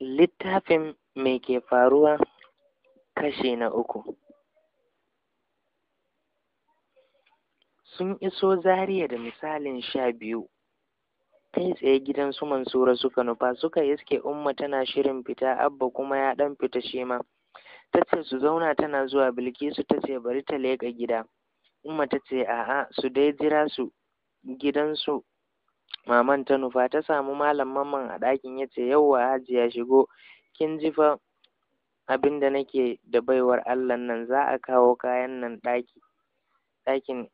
littafin me ke faruwa kashi na uku sun iso zaria da misalin sha biyu kai tsaye gidan su mansura suka nufa suka iske umma tana shirin fita abba kuma ya dan fita shi ma ta ce su zauna tana zuwa bilkisu ta ce bari ta leƙa gida umma ta ce a'a su dai jira su gidansu maman ta nufa ta samu malam mamman a ɗakin ya ce yauwa hajiya shigo kin ji fa abin da nake da baiwar allah nan za a kawo kayan nan ɗaki ɗakin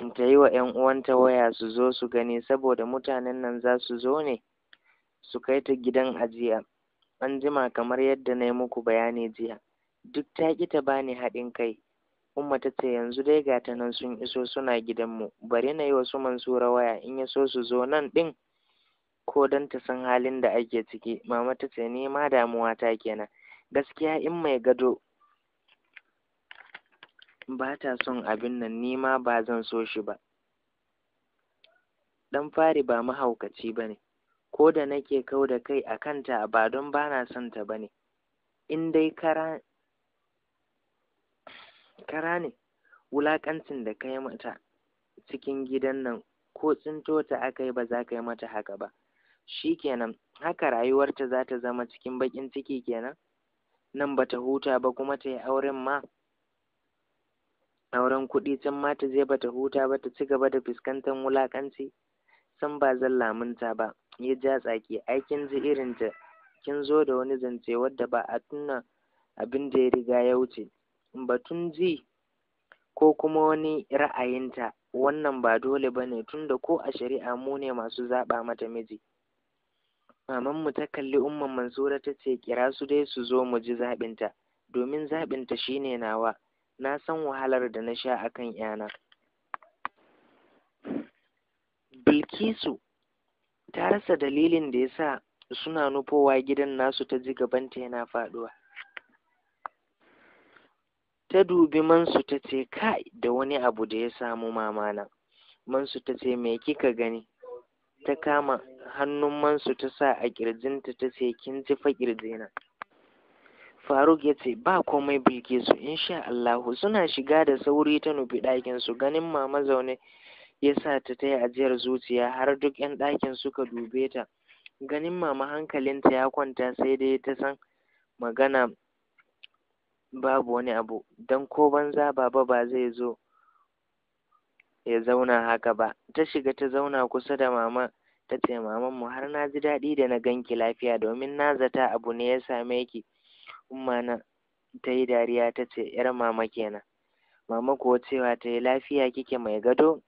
in ta yi wa ‘yan uwanta waya su zo su gani saboda mutanen nan za su zo ne su kai ta gidan ajiya an jima kamar yadda na yi muku bayani jiya duk ta ƙi ta bani haɗin kai Umma ta ce yanzu dai ga ta nan sun iso suna gidanmu bari na yi wa su Mansura waya in ya so su zo nan ɗin ko don ta san halin da ake ciki mama ta ce ni ma damuwa ta kenan gaskiya in mai gado ba ta son abin nan ni ma ba zan so shi ba dan fari ba mahaukaci ba ne ko da nake kau da kai a kanta ba don ba na son ta ba ne in dai kara kara ne wulaƙancin da ka yi mata cikin gidan nan ko tsinto ta aka yi ba za ka yi mata haka ba shi kenan haka rayuwarta za ta zama cikin baƙin ciki kenan nan ba ta huta ba kuma ta yi auren ma auren kuɗi can ma ta je ba ta huta ba ta ci gaba da fuskantar wulaƙanci san ba zan lamunta ba ya ja tsaki ai kin ji irin ta kin zo da wani zance wadda ba a tuna abin da ya riga ya wuce batun ji ko kuma wani ra'ayinta wannan ba dole ba ne tunda ko a shari'a mu ne masu zaɓa mata miji mamanmu ta kalli umman mansura ta ce kira su dai su zo mu ji zaɓinta domin zaɓinta shi ne nawa na san wahalar da na sha a akan yana bilkisu ta rasa dalilin da ya sa suna nufowa gidan nasu ta ji gabanta yana faɗuwa ta dubi mansu ta ce kai da wani abu da ya samu mamana mansu ta ce me kika gani ta kama hannun mansu ta sa a kirjinta ta ce kin ji fa kirjina Faruk ya ce ba komai bilke su insha Allahu suna shiga da sauri ta nufi ɗakin su ganin mama zaune ya sa ta taya ajiyar zuciya har duk 'yan ɗakin suka dube ta ganin mama hankalinta ya kwanta sai dai ta san magana babu wani abu Dan ko banza baba ba zai zo ya zauna haka ba ta shiga ta zauna kusa da mama ta ce maman mu har na ji daɗi da na ganki lafiya domin na zata abu ne ya same ki umma na ta yi dariya ta ce yar mama kenan mama kuwa cewa ta yi lafiya kike mai gado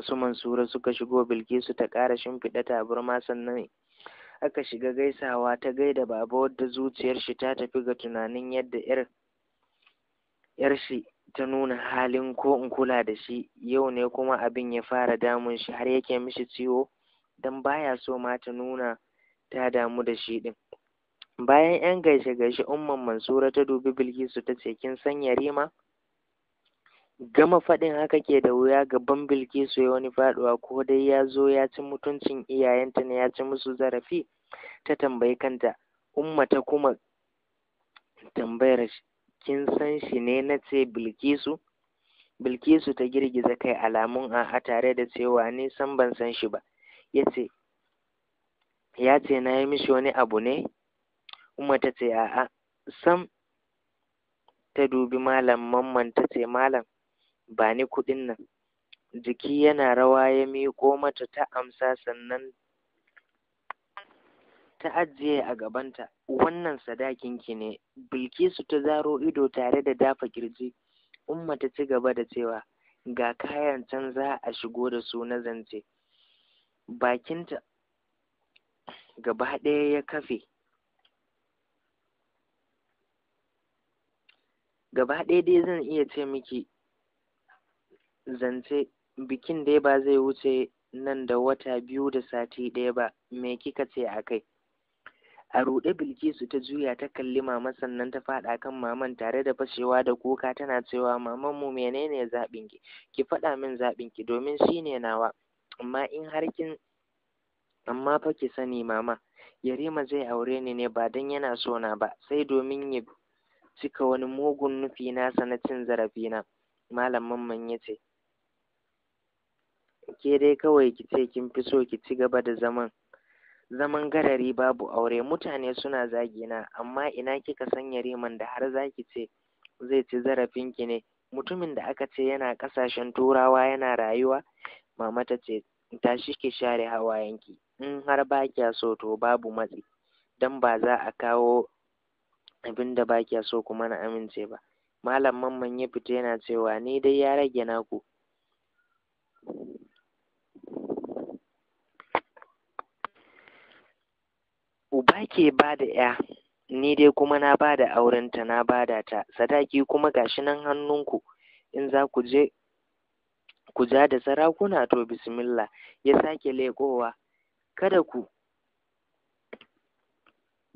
su mansura suka shigo bilkisu ta ƙara shimfiɗa taburma sannan aka shiga gaisawa ta gaida baba wadda zuciyar shi ta tafi ga tunanin yadda yar yar shi ta nuna halin ko in kula da shi yau ne kuma abin ya fara damun shi har yake mishi ciwo dan baya so ma ta nuna ta damu da shi din bayan yan gaishe gaishe umman mansura ta dubi bilkisu ta ce kin san yarima gama faɗin haka ke da wuya gaban bilkisu ya wani faɗuwa ko dai ya zo ya ci mutuncin iyayenta ne ya ci musu zarafi ta tambayi kanta umma ta kuma tambayar kin san shi ne na ce bilkisu bilkisu ta girgiza kai alamun a tare da cewa ni san ban san shi ba ya ce ya ce na yi mishi wani abu ne umma ta ce a'a sam ta dubi malam mamman ta ce malam ba ni kuɗin nan jiki yana rawa ya miƙo mata ta amsa sannan ta ajiye a gabanta wannan sadakin ki ne bilkisu ta zaro ido tare da dafa kirji umma ta ci gaba da cewa ga kayan can za a shigo da su na zance bakinta gaba ɗaya ya kafe gaba ɗaya dai zan iya ce miki zance bikin dai ba zai wuce nan da wata biyu da sati ɗaya ba me kika ce a kai a ruɗe bilkisu ta juya ta kalli mama sannan ta faɗa kan maman tare da fashewa da kuka tana cewa maman mu menene zaɓin ki ki faɗa min zaɓin ki domin shine nawa amma in har kin amma fa ki sani mama yarima zai aure ni ne ba don yana so na ba sai domin ya cika wani mugun nufi nasa na cin zarafina, na malam mamman ya ce ke dai kawai ki ce kin fi so ki ci gaba da zaman zaman garari babu aure mutane suna zagina amma ina kika sanya riman da har zaki ce zai ci zarafin ki ne mutumin da aka ce yana kasashen turawa yana rayuwa mama ta ce tashi ki share ki in har ba kya so to babu matsi dan ba za a kawo abin da ba kya so kuma na amince ba malam mamman ya fita yana cewa ni dai ya rage naku uba ke ba da ya ni dai kuma na ba da aurenta na ba da ta sadaki kuma gashi nan hannunku in za ku je ku ja da sarakuna to bismillah ya sake leƙowa kada ku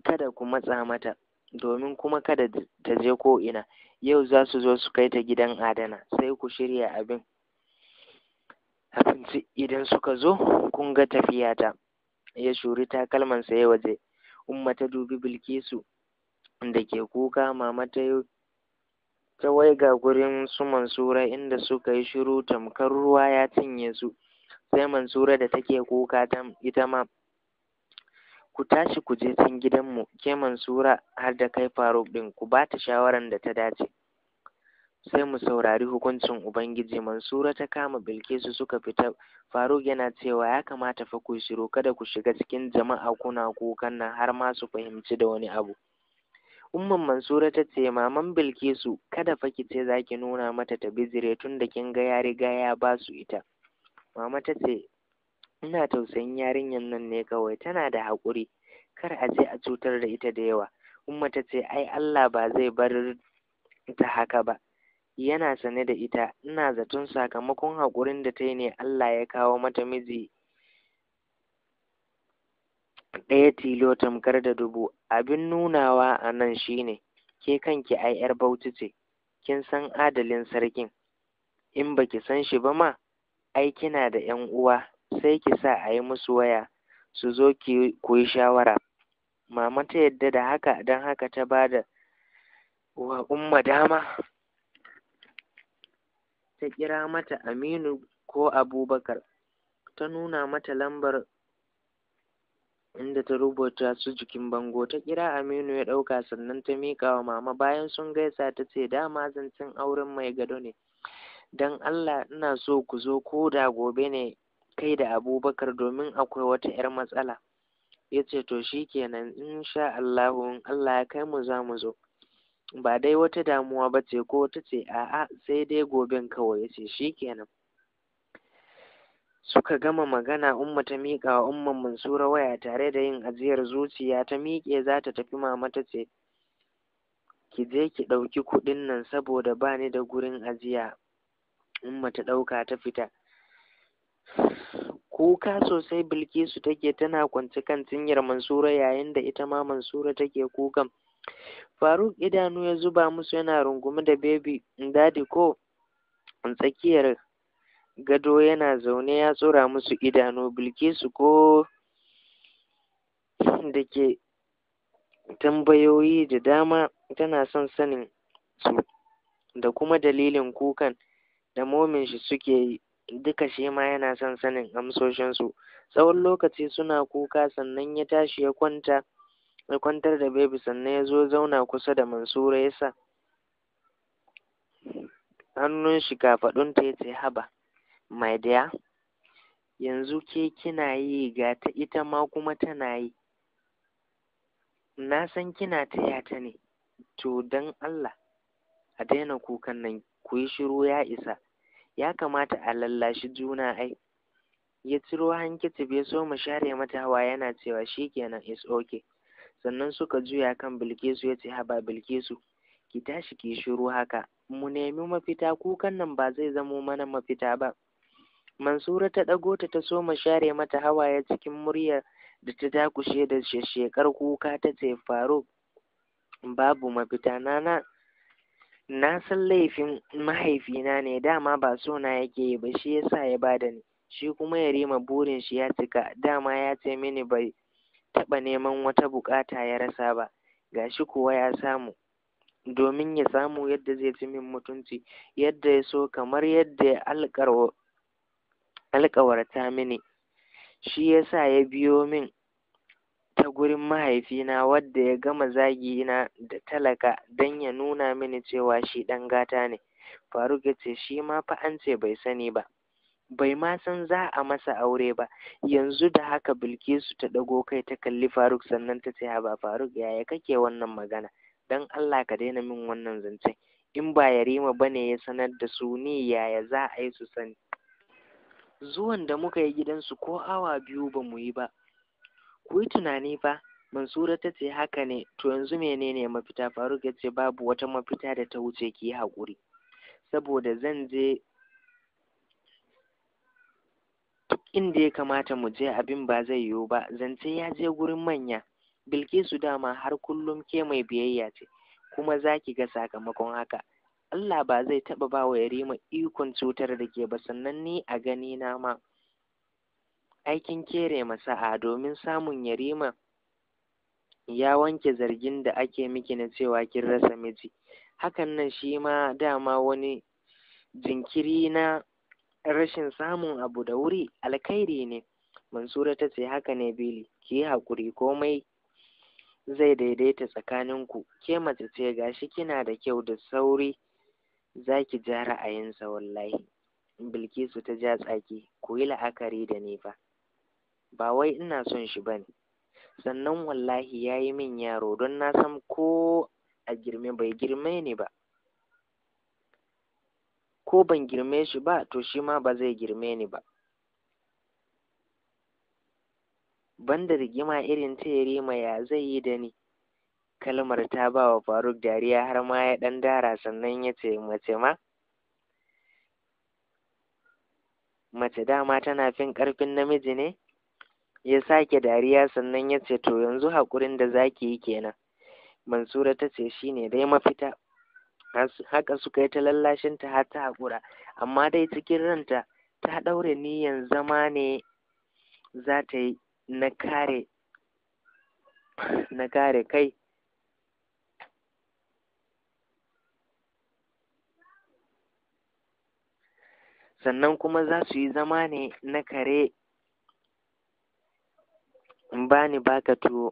kada ku matsa mata domin kuma kada ta je ko ina yau za su zo su kai ta gidan adana sai ku shirya abin abinci idan suka zo kun ga tafiyata ya shuri takalmansa ya waje umma ta dubi bilkisu da ke kuka mama ta yi ta waiga gurin su mansura inda suka yi shiru tamkar ruwa ya cinye su sai mansura da take kuka ta ita ma ku tashi ku je can gidanmu ke mansura har da kai faruk din ku ba ta shawaran da ta dace sai mu saurari hukuncin ubangiji mansura ta kama bilkisu suka fita faruk yana cewa ya kamata fa ku shiru kada ku shiga cikin jama'a kuna kukan nan har ma su fahimci da wani abu umman mansura ta ce maman bilkisu kada fa ki ce za ki nuna mata ta bizire tun da kin ga ya riga ya ba su ita mama ta ce ina tausayin yarinyar nan ne kawai tana da haƙuri kar a ce a cutar da ita da yawa umma ta ce ai allah ba zai bar ta haka ba yana sane da ita ina zaton sakamakon haƙurin da ta yi ne Allah ya kawo mata miji ɗaya tilo tamkar da dubu abin nunawa a nan shine ke kanki ai yar bauchi ce kin san adalin sarkin in baki san shi ba ma ai kina da ƴan uwa sai ki sa ayi musu waya su zo ku yi shawara mama ta yadda da haka don haka ta ba da wa umma dama ta kira mata Aminu ko Abubakar ta nuna mata lambar inda ta rubuta su jikin bango ta kira Aminu ya ɗauka sannan ta miƙa wa mama bayan sun gaisa ta ce dama zancen auren mai gado ne don Allah ina so ku zo ko da gobe ne kai da Abubakar domin akwai wata 'yar matsala ya ce to shikenan in sha Allahu in Allah ya kai mu za mu zo ba dai wata damuwa ba ce ko wata ce a'a sai dai gobin kawai ya ce shi kenan suka gama magana umma ta miƙa wa umman mansura waya tare da yin ajiyar zuciya ta miƙe za ta tafi mama ta ce ki je ki ɗauki kuɗin nan saboda ba ni da gurin ajiya umma ta ɗauka ta fita kuka sosai bilkisu take tana kwance kan cinyar mansura yayin da ita ma mansura take kukan faruk idanu ya zuba musu yana rungume da baby dadi ko tsakiyar gado yana zaune ya tsora musu idanu bilkisu ko da ke tambayoyi da dama tana son sanin su da kuma dalilin kukan da momin shi suke yi duka shi ma yana son sanin amsoshinsu tsawon lokaci suna kuka sannan ya tashi ya kwanta ya kwantar da baby sannan ya zo zauna kusa da mansura ya sa hannun shi kafaɗunta ya ce haba my dear yanzu ke kina yi ga ta ita ma kuma tana yi na san kina taya ta ne to don Allah a daina kukan nan ku yi shiru ya isa ya kamata a lallashi juna ai ya ciro hankicif ya so mu share mata hawa yana cewa shikenan is okay sannan suka juya kan bilkisu ya ce haba bilkisu ki tashi ki shiru haka mu nemi mafita kukan nan ba zai zamo mana mafita ba mansura ta ɗago ta ta soma share mata hawaye cikin murya da ta dakushe da shekar kuka ta ce faruk babu mafita nana na san laifin mahaifina ne dama ba sona yake yi ba shi yasa ya bada ni shi kuma ya rima burin shi ya cika dama ya ce mini bai taɓa neman wata buƙata ya rasa ba gashi kuwa ya samu domin ya samu yadda zai ci min mutunci yadda ya so kamar yadda ya alƙawarta mini shi yasa ya biyo min ta gurin mahaifina wadda ya gama zagi na da talaka don ya nuna mini cewa shi ɗan gata ne faruk ya ce shi ma fa an ce bai sani ba bai ma san za a masa aure ba yanzu da haka bilkisu ta ɗago kai ta kalli faruk sannan ta ce haba faruk yaya kake wannan magana don allah ka daina min wannan zancen in ba yarima ba ne ya sanar da su ni yaya za a yi su sani zuwan da muka yi gidansu ko awa biyu ba mu yi ba ku yi tunani fa mansura ta ce haka ne to yanzu menene mafita faruk ya ce babu wata mafita da ta wuce ki yi haƙuri saboda zan je duk inda ya kamata mu je abin ba zai yiwu ba zance ya je gurin manya bilkisu dama har kullum ke mai biyayya ce kuma za ki ga sakamakon haka Allah ba zai taba ba wa yarima ikon cutar da ke ba sannan ni a gani na ma aikin kere masa'a domin samun yarima ya wanke zargin da ake miki na cewa kin rasa miji hakan nan shi ma dama wani jinkiri na rashin samun abu da wuri alkhairi ne mansura ta ce haka ne bili ki yi haƙuri komai zai daidaita tsakaninku ke mace ce gashi kina da kyau da sauri za ki ja ra'ayinsa wallahi bilkisu ta ja tsaki ku yi la'akari da ni fa ba wai ina son shi bane sannan wallahi ya yi min yaro don na san ko a girme bai girme ni ba ko ban girme shi ba to shi ma ba zai girme ni ba banda rigima irin ta yarima ya zai yi da ni kalmar ta ba wa faruk dariya har ma ya ɗan dara sannan ya ce mace ma mace dama tana fin karfin namiji ne ya sake dariya sannan ya ce to yanzu haƙurin da zaki yi kenan mansura ta ce shine dai mafita haka suka yi ta lallashin ta har ta haƙura amma dai cikin ranta ta ɗaure niyan zama ne za ta yi na kare kai sannan kuma za su yi zama ne na kare bani baka tuwo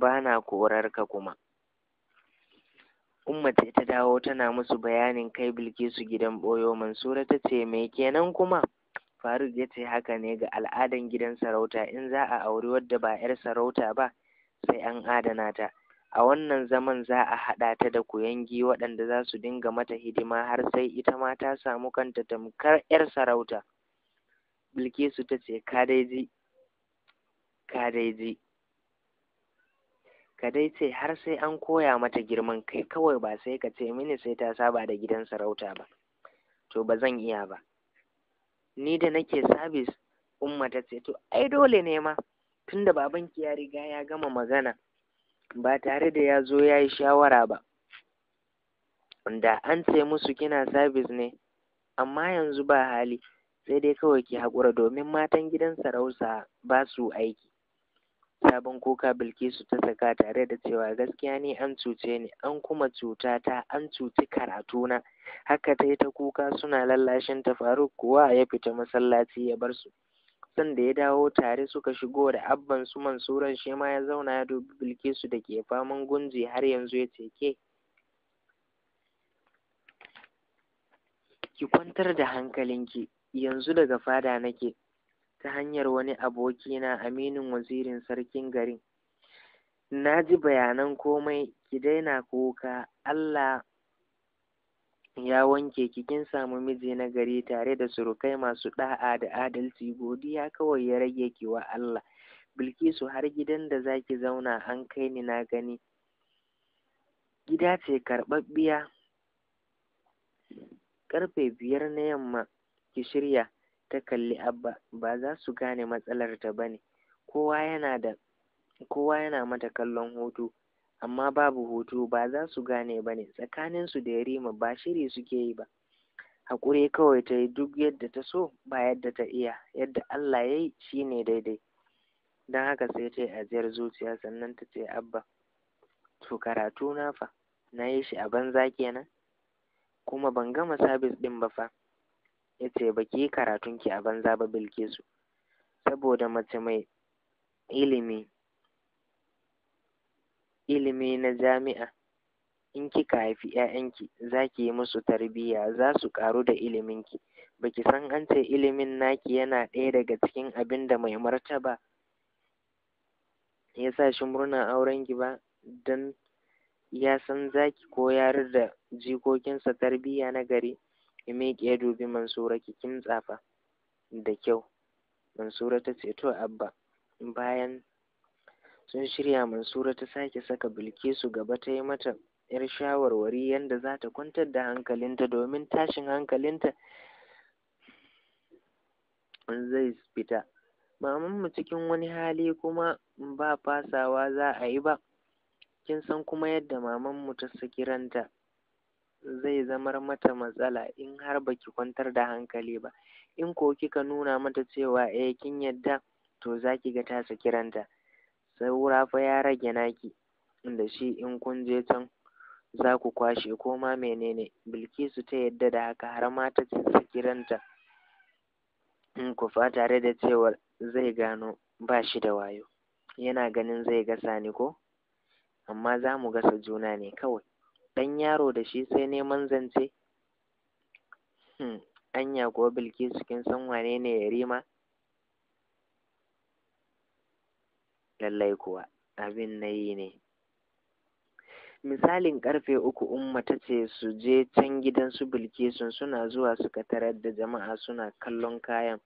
bana korar ka kuma Umma ce ta dawo tana musu bayanin kai Bilkisu gidan boyo Mansura ta ce me kenan kuma Faruk ya ce haka ne ga al'adan gidan sarauta in za a auri wadda ba 'yar sarauta ba sai an adana ta a wannan zaman za a haɗa ta da kuyangi waɗanda za su dinga mata hidima har sai ita ma ta samu kanta tamkar 'yar sarauta bilkisu ta ce ka dai ka dai ka dai ce har sai an koya mata girman kai kawai ba sai ka ce mini sai ta saba da gidan sarauta ba to ba zan iya ba ni da nake sabis umma ta ce to ai dole ne ma tunda babanki ya riga ya gama magana ba tare da ya zo ya yi shawara ba da an ce musu kina sabis ne amma yanzu ba hali sai dai kawai ki haƙura domin matan gidan sarauta ba su aiki Sabon kuka Bilkisu ta saka tare da cewa gaskiya ni an cuce ni an kuma cuta ta an cuci karatuna. Haka ta yi ta kuka suna lallashin ta Faruk kuwa ya fita masallaci ya bar su. Sanda ya dawo tare suka shigo da abban su Mansuran shi ma ya zauna ya dubi Bilkisu da ke faman gunji har yanzu ya ce ke. Ki kwantar da hankalinki yanzu daga fada nake ta hanyar wani abokina aminin wazirin sarkin garin na ji bayanan komai ki daina kuka allah ya wanke ki kin samu miji na gari tare da surukai masu ɗa'a da adalci godiya kawai ya rage ki wa allah bilkisu har gidan da zaki zauna an kai ni na gani gida ce karɓaɓɓiya Karfe biyar na yamma ki shirya ta kalli abba ba za su gane matsalar ta ba ne kowa yana da kowa yana mata kallon hutu, amma babu hutu ba za su gane ba ne tsakaninsu da yarima ba shiri suke yi ba haƙuri kawai ta yi duk yadda ta so ba yadda ta iya yadda allah ya yi shi ne daidai don haka sai ta yi ajiyar zuciya sannan ta ce abba to karatu na fa na yi shi a banza kenan kuma ban gama sabis ɗin ba fa ya ce ba ki yi karatunki a banza ba bilkisu saboda mace mai ilimi ilimi na jami'a in kika haifi ‘ya'yanki za ki yi musu tarbiyya za su ƙaru da iliminki ba ki san an ce ilimin naki yana ɗaya daga cikin abin da mai martaba ya sa shi murnar aurenki ba don ya san za ki koyar da jikokinsa tarbiyya na gari Ki miƙe ya dubi mansura ki tsafa da kyau mansura ta ce to abba bayan sun shirya mansura ta sake saka bilkisu gaba ta yi mata yar shawarwari yadda za ta kwantar da hankalinta domin tashin hankalinta zai fita mamanmu cikin wani hali kuma ba fasawa za a yi ba kin san kuma yadda mamanmu ta saki ranta zai zamar mata matsala in har baki kwantar da hankali ba in ko kika nuna mata cewa eh kin yadda to zaki ga ta saki ranta saura fa ya rage naki da shi in kun je can za ku kwashe ko ma menene bilkisu ta yadda da haka har ma ta saki ranta in ku fa tare da cewar zai gano ba shi da wayo yana ganin zai gasa ni ko amma za mu gasa juna ne kawai ɗan yaro da shi sai neman zance hmm, anya kuwa bilkisu kin san wane ne yarima lallai kuwa abin na yi ne misalin karfe uku umma ta ce su je can gidan su bilkisun suna zuwa suka tarar da jama'a suna kallon kayan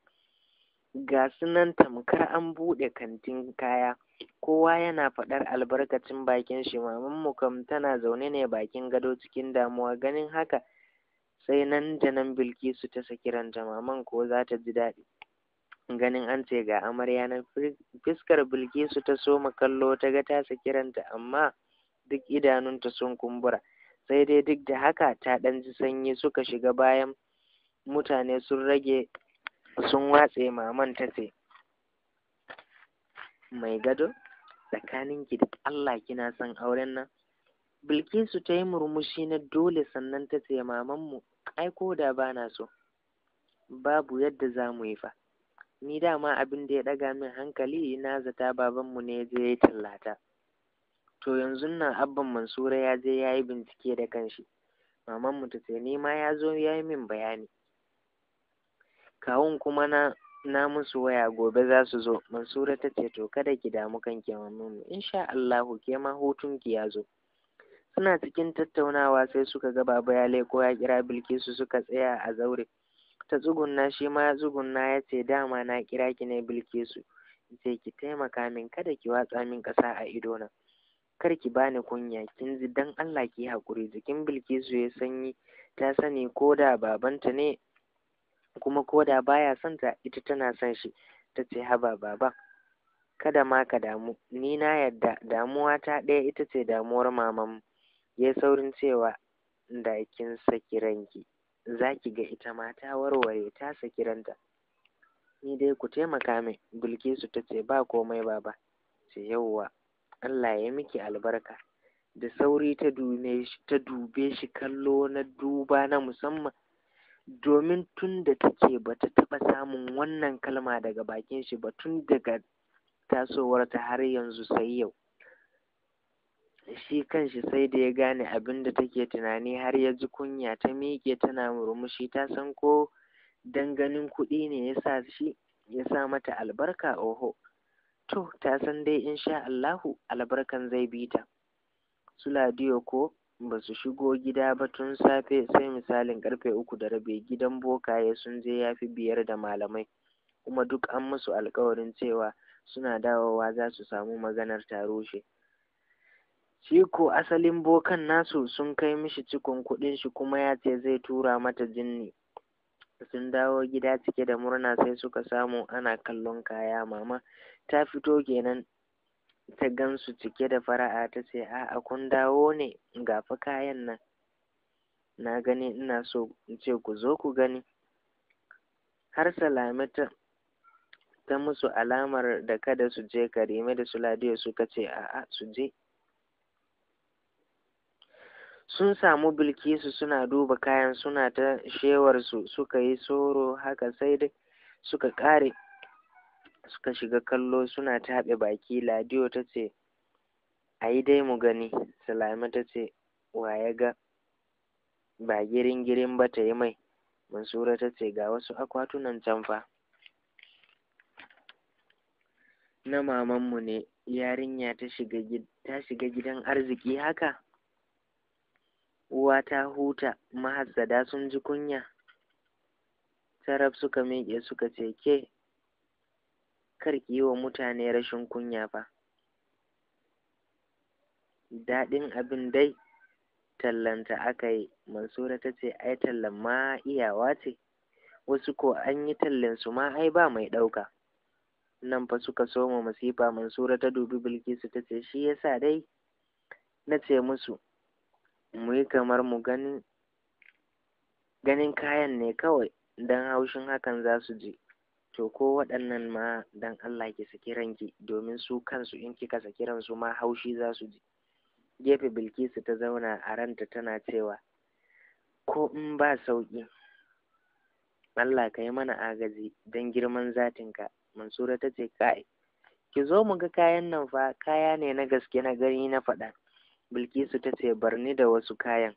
ga su nan tamkar an buɗe kantin kaya kowa yana faɗar albarkacin bakin shi mamanmu kam tana zaune ne bakin gado cikin damuwa ganin haka sai nan da nan bilkisu ta saki ranta maman ko za ta ji daɗi ganin an ce ga amarya nan fiskar bilkisu ta soma kallo ta ga ta saki ranta amma duk idanunta sun kumbura sai dai duk da haka ta ɗan ji sanyi suka shiga bayan mutane sun rage sun watse maman ta ce mai gado tsakaninki da Allah kina son auren nan Bilkisu ta yi murmushi na dole sannan ta ce mamanmu ai ko da ba so babu yadda za mu yi fa ni dama abin da ya ɗaga min hankali na zata babanmu ne ya je ya tallata to yanzu nan abban mansura ya je ya yi bincike da kanshi mamanmu ta ce ni ma ya zo ya yi min bayani kawun kuma na na musu waya gobe za su zo mansura ta ce to kada ki damu kanki in insha Allahu ke ma hutun ki ya zo suna cikin tattaunawa sai suka ga baba ya leko ya kira Bilkisu suka tsaya a zaure ta tsugunna shi ma tsugunna ya ce dama na kira ki ne Bilkisu sai ki taimaka min kada ki watsa min ƙasa a ido idona kar ki bani kunya kin ji dan Allah ki haƙuri jikin Bilkisu ya sanyi ta sani ko da babanta ne kuma ko da baya son ta ita tana son shi ta ce haba baba kada ma ka damu ni na yarda damuwa ta ɗaya ita ce damuwar mu. ya saurin cewa da kin saki ranki za ki ga ita ma ta warware ta saki ranta ni dai ku taimaka min bilkisu ta ce ba komai baba ce yauwa allah ya miki albarka da sauri ta dube shi kallo na duba na musamman domin tun da take ba ta taɓa samun wannan kalma daga bakin shi ba tun daga tasowarta har yanzu sai yau shi kanshi sai da ya gane abin da take tunani har ya ji kunya ta miƙe tana murmushi ta san ko danganin kuɗi ne ya sa shi ya sa mata albarka oho to ta san dai sha Allahu albarkan zai bi ta Suladiyo ko ba su shigo gida ba tun safe sai misalin karfe uku da rabi gidan bokaye sun je ya fi biyar da malamai kuma duk an musu alkawarin cewa suna dawowa za su samu maganar taro shi Ciko asalin bokan nasu sun kai mishi cikon kuɗin shi kuma ya ce zai tura mata jinni sun dawo gida cike da murna sai suka samu ana kallon kaya mama ta fito kenan ta gansu cike da fara'a ta ce a'a kun dawo ne ga fa kayan nan na gani ina so in ce ku zo ku gani har salame ta ta musu alamar da kada su je karime da suladiyo suka ce a'a su je sun samu bilkisu suna duba kayan suna ta shewarsu suka yi soro haka sai dai suka ƙare suka shiga kallo suna taɓa baki ladiyo ta ce a yi dai mu gani salami ta ce wa ga ba girin girin ba ta yi mai mansura ta ce ga wasu akwatunan can fa na mamanmu ne yarinya ta shiga gidan arziki haka uwa ta huta mahazzada sun ji kunya tarab suka miƙe suka ce ke kar ki yi wa mutane rashin kunya fa daɗin abin dai tallanta aka yi mansura ta ce ai tallan ma iyawa ce wasu ko an yi tallan su ma ai ba mai ɗauka nan fa suka soma masifa mansura ta dubi bilkisu ta ce shi yasa dai na ce musu mu yi kamar mu ganin ganin kayan ne kawai don haushin hakan za su ji to ko waɗannan ma dan Allah ki saki ranki domin su kansu in kika saki ransu ma haushi za su ji gefe Bilkisu ta zauna a ranta tana cewa ko in ba sauƙi Allah ka yi mana agaji don girman zatinka Mansura ta ce kai ki zo mu ga kayan nan fa kaya ne na gaske na gani na faɗa Bilkisu ta ce bar ni da wasu kayan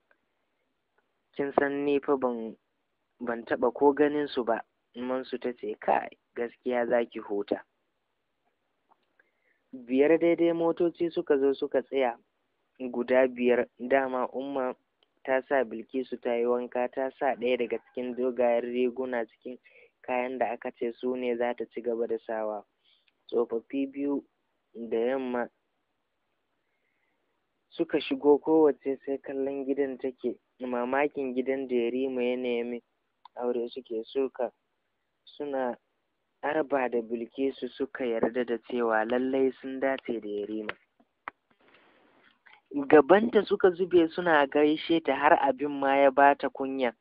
kin san ni fa ban ban taɓa ko ganin su ba Mansu ta ce, kai, gaskiya za ki huta. Biyar daidai motoci suka zo suka tsaya guda biyar dama umma ta sa Bilkisu ta yi wanka ta sa ɗaya daga cikin dogayen riguna cikin kayan da aka ce su ne za ta ci gaba da sawa. Tsofaffi biyu da yamma suka shigo kowace sai kallon gidan take mamakin gidan da ya rima yanayin aure suke suka suna Arba da Bilkisu suka yarda da cewa lallai sun dace da Yarima. Gabanta suka zube suna gaishe ta har abin ma ya bata kunya.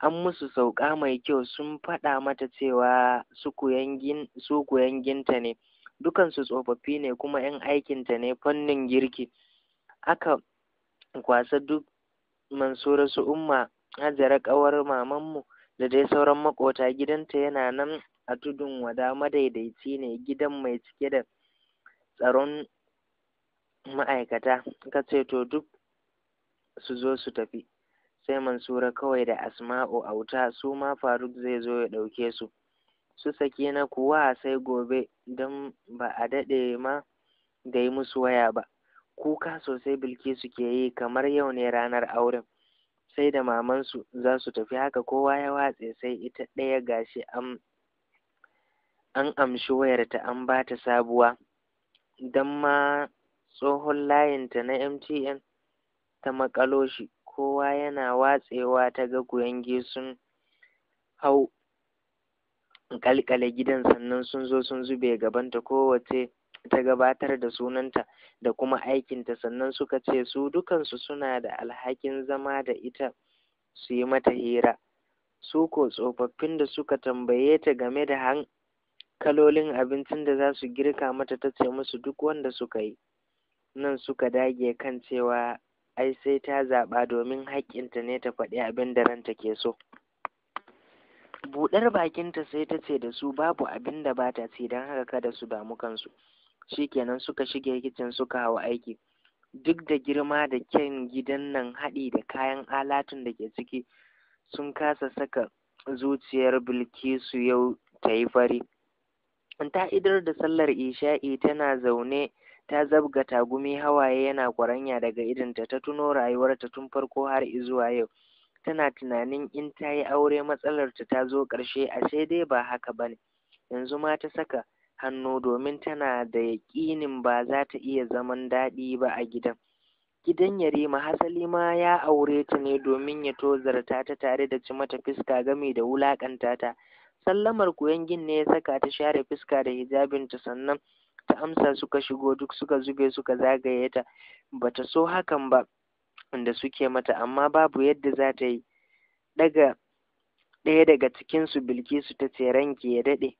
An musu sauka mai kyau sun faɗa mata cewa su kuyanginta ne, dukansu tsofaffi ne kuma ‘yan aikinta ne fannin girki. Aka kwasa duk Mansura su umma Hajara ƙawar mamanmu da dai sauran maƙota gidanta yana nan a tudun wada madaidaici ne gidan mai cike da tsaron ma'aikata ka ce to duk su zo su tafi sai mansura kawai da asma'u auta su ma faruk zai zo ya ɗauke su su na kuwa sai gobe don ba a daɗe ma da yi musu waya ba kuka sosai bilkisu ke yi kamar yau ne ranar auren sai da mamansu za su tafi haka kowa ya watse sai ita ɗaya gashi an an amshi wayarta an ba ta sabuwa don ma tsohon layinta na mtn ta makalo shi kowa yana watsewa ta ga kuyange sun hau kalkale gidan sannan sun zo sun zube gabanta kowace ta gabatar da sunanta da kuma aikinta sannan suka ce su dukansu suna da alhakin zama da ita su yi mata hira su ko tsofaffin da suka tambaye ta game da hankalolin abincin da za su girka mata ta ce musu duk wanda suka yi nan suka dage kan cewa ai sai ta zaɓa domin haƙƙinta ne ta faɗi abin da ranta ke so buɗar bakinta sai ta ce da su babu abin da ba ta ci don haka kada su damu kansu shikenan suka shige kicin suka hau aiki duk da girma da kyan gidan nan haɗi da kayan alatun da ke ciki sun kasa saka zuciyar bilkisu yau ta yi fari ta idar da sallar isha'i tana zaune ta zabga tagumi hawaye yana kwaranya daga idinta ta tuno rayuwarta tun farko har izuwa yau tana tunanin in ta yi aure matsalarta ta zo ƙarshe ashe dai ba haka ba ne yanzu ma ta saka hannu domin tana da yaƙinin ba za ta iya zaman daɗi ba a gidan. Gidan Yarima hasali ma ya aure ta ne domin ya tozarta ta tare da ci mata fuska gami da wulaƙanta ta. Sallamar kuyangin ne ya saka ta share fuska da hijabinta sannan ta amsa suka shigo duk suka zube suka zagaye ta. Ba ta so hakan ba da suke mata amma babu yadda za ta yi. Daga ɗaya daga cikinsu Bilkisu ta ce ranki ya daɗe.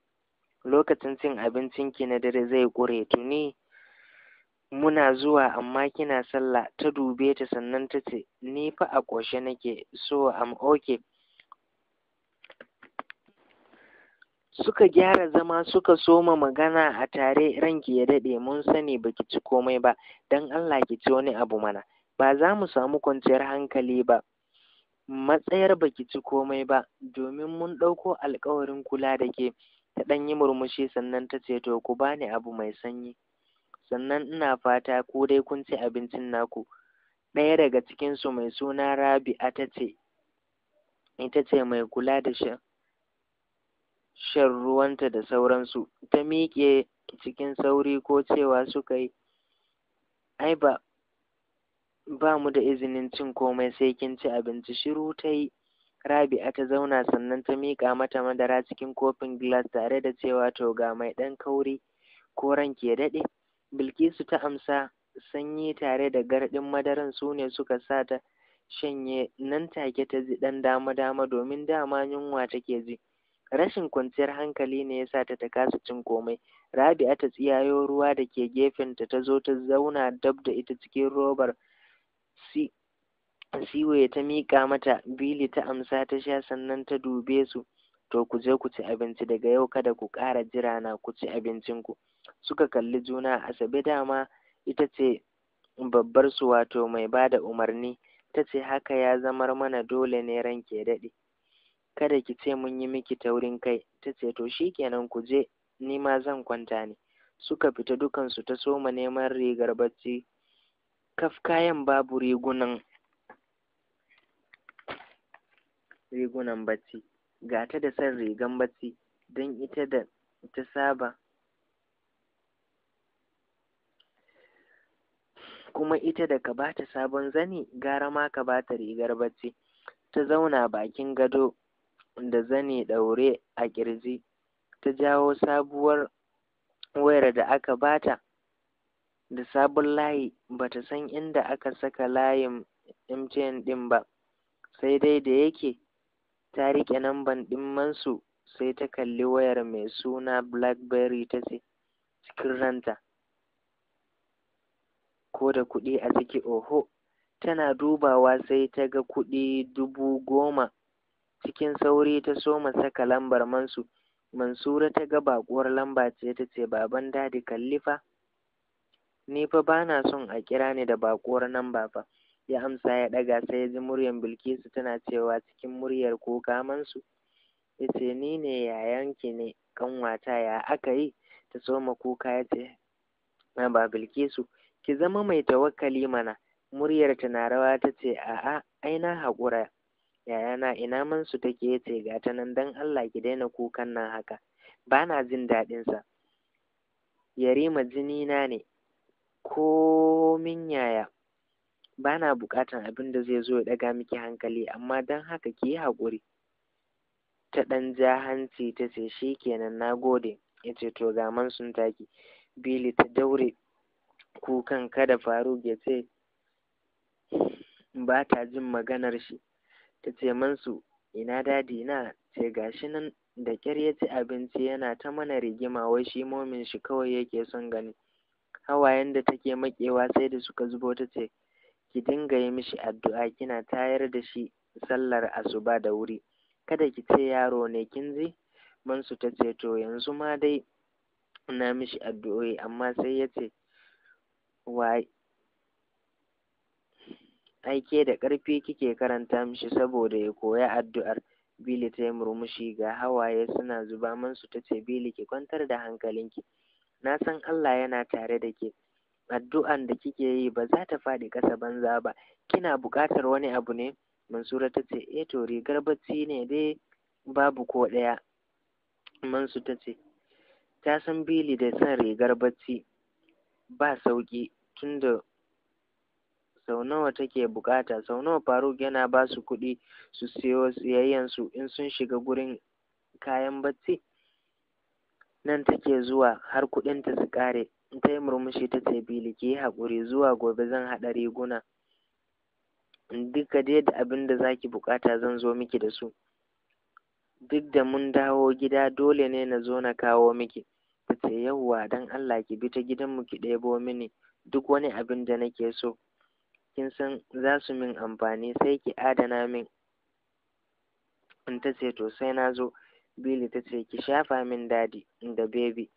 lokacin cin abincin ki na dare zai ƙure tuni muna zuwa amma kina sallah ta dube ta sannan ta ce ni fa a ƙoshe nake so am okay suka gyara zama suka soma magana a tare ranki ya daɗe mun sani baki ci komai ba don Allah ki ci wani abu mana ba za mu samu kwanciyar hankali ba matsayar baki ci komai ba domin mun ɗauko alkawarin kula da ke ta ɗan yi murmushi sannan ta ce to ku ba ni abu mai sanyi sannan ina fata ku dai kun ci abincin naku ɗaya daga cikinsu mai suna rabi'a ta ce ita ce mai kula da shan ruwanta da sauransu ta miƙe cikin sauri ko cewa suka yi ai ba mu da izinin cin komai sai kin ci abinci shiru ta yi Rabi'a ta zauna sannan ta miƙa mata madara cikin kofin gilas tare da cewa to ga mai ɗan kauri ko ran ke daɗe. Bilkisu ta amsa sanyi tare da garɗin madaran su ne suka sa ta shanye nan take ta ji ɗan dama-dama domin dama yunwa take ji. Rashin kwanciyar hankali ne ya sa ta ta kasa cin komai. Rabi'a ta tsiyayo ruwa da ke gefenta ta zo ta zauna dab da ita cikin robar si ya ta miƙa mata bili ta amsa ta sha sannan ta dube su to ku je ku ci abinci daga yau kada ku ƙara jira na ku ci abincinku suka kalli juna asabe dama ita ce babbar su wato mai ba da umarni ta ce haka ya zamar mana dole ne ranke daɗe kada ki ce mun yi miki taurin kai ta ce to shi kenan ku je ni ma zan kwanta ne suka fita dukansu ta soma neman rigar bacci kaf kayan babu rigunan rigunan bacci ga ta da son rigan bacci don ita da ta saba kuma ita da ka bata sabon zani gara ma ka bata rigar bacci ta zauna bakin gado da zani ɗaure a ƙirji ta jawo sabuwar wayar da aka bata da sabon layi bata san inda aka saka layin MTN ɗin ba sai dai da yake ta riƙe namban ɗin Mansu sai ta kalli wayar mai suna Blackberry ta ce cikin ranta, ko da kuɗi a ciki oho, tana dubawa sai ta ga kuɗi dubu goma. Cikin sauri ta soma saka lambar Mansu, Mansura ta ga baƙuwar lamba ce ta ce baban dadi kalli fa, ni fa ba na son a kira ni da baƙuwar lamba fa. ya amsa ya ɗaga sai ya ji muryar bilkisu tana cewa cikin muryar ko kamansu ya ce ni ne yayanki ne kanwata, ya aka yi ta soma kuka ya ce ba bilkisu ki zama mai tawakkali mana muryar ta na rawa ta ce a'a ai na haƙura yayana ina mansu take ya ce ga ta nan dan allah ki daina kukan nan haka ba na jin daɗinsa yarima jinina ne komin yaya ba na buƙatar abin da zai zo ya ɗaga miki hankali amma don haka ki yi haƙuri ta ɗan ja hanci ta ce shi kenan na gode ya ce to ga sun taki bili ta daure kukan kada faruk ya ce ba ta jin maganar shi ta ce mansu ina dadi na ce gashi nan da ƙyar ya ci abinci yana ta mana rigima wai shi momin shi kawai yake son gani hawayen da take maƙewa sai da suka zubo ta ce ki dinga yi mishi addu'a kina tayar da shi sallar asuba da wuri kada ki ce yaro ne kin ji Mansu ta ce to yanzu ma dai na mishi addu'o'i amma sai ya ce wa aike da ƙarfi kike karanta mishi saboda ya koya addu'ar Bili ta yi murmushi ga hawaye suna zuba Mansu ta ce Bili ki kwantar da hankalinki na san Allah yana tare da ke addu'an da kike yi ba za ta faɗi ƙasa banza ba kina buƙatar wani abu ne mansura ta ce eh to rigar bacci ne dai babu ko ɗaya mansu ta ce ta san bili da san rigar bacci ba sauƙi tunda sau nawa take buƙata? sau nawa faruk yana ba su kuɗi su siyo siyayyansu in sun shiga gurin kayan bacci nan take zuwa har kuɗinta su ƙare Tai murmushi ta ce ki yi haƙuri zuwa gobe zan haɗa riguna duka dai da abin da zaki buƙata zan zo miki da su duk da mun dawo gida dole ne na zo na kawo miki ta ce yawwa don allah ki bi ta gidanmu ki ɗebo mini duk wani abin da nake so kin san za su min amfani sai ki adana min in ta ce to sai na zo bili ta ce ki shafa min dadi da bebi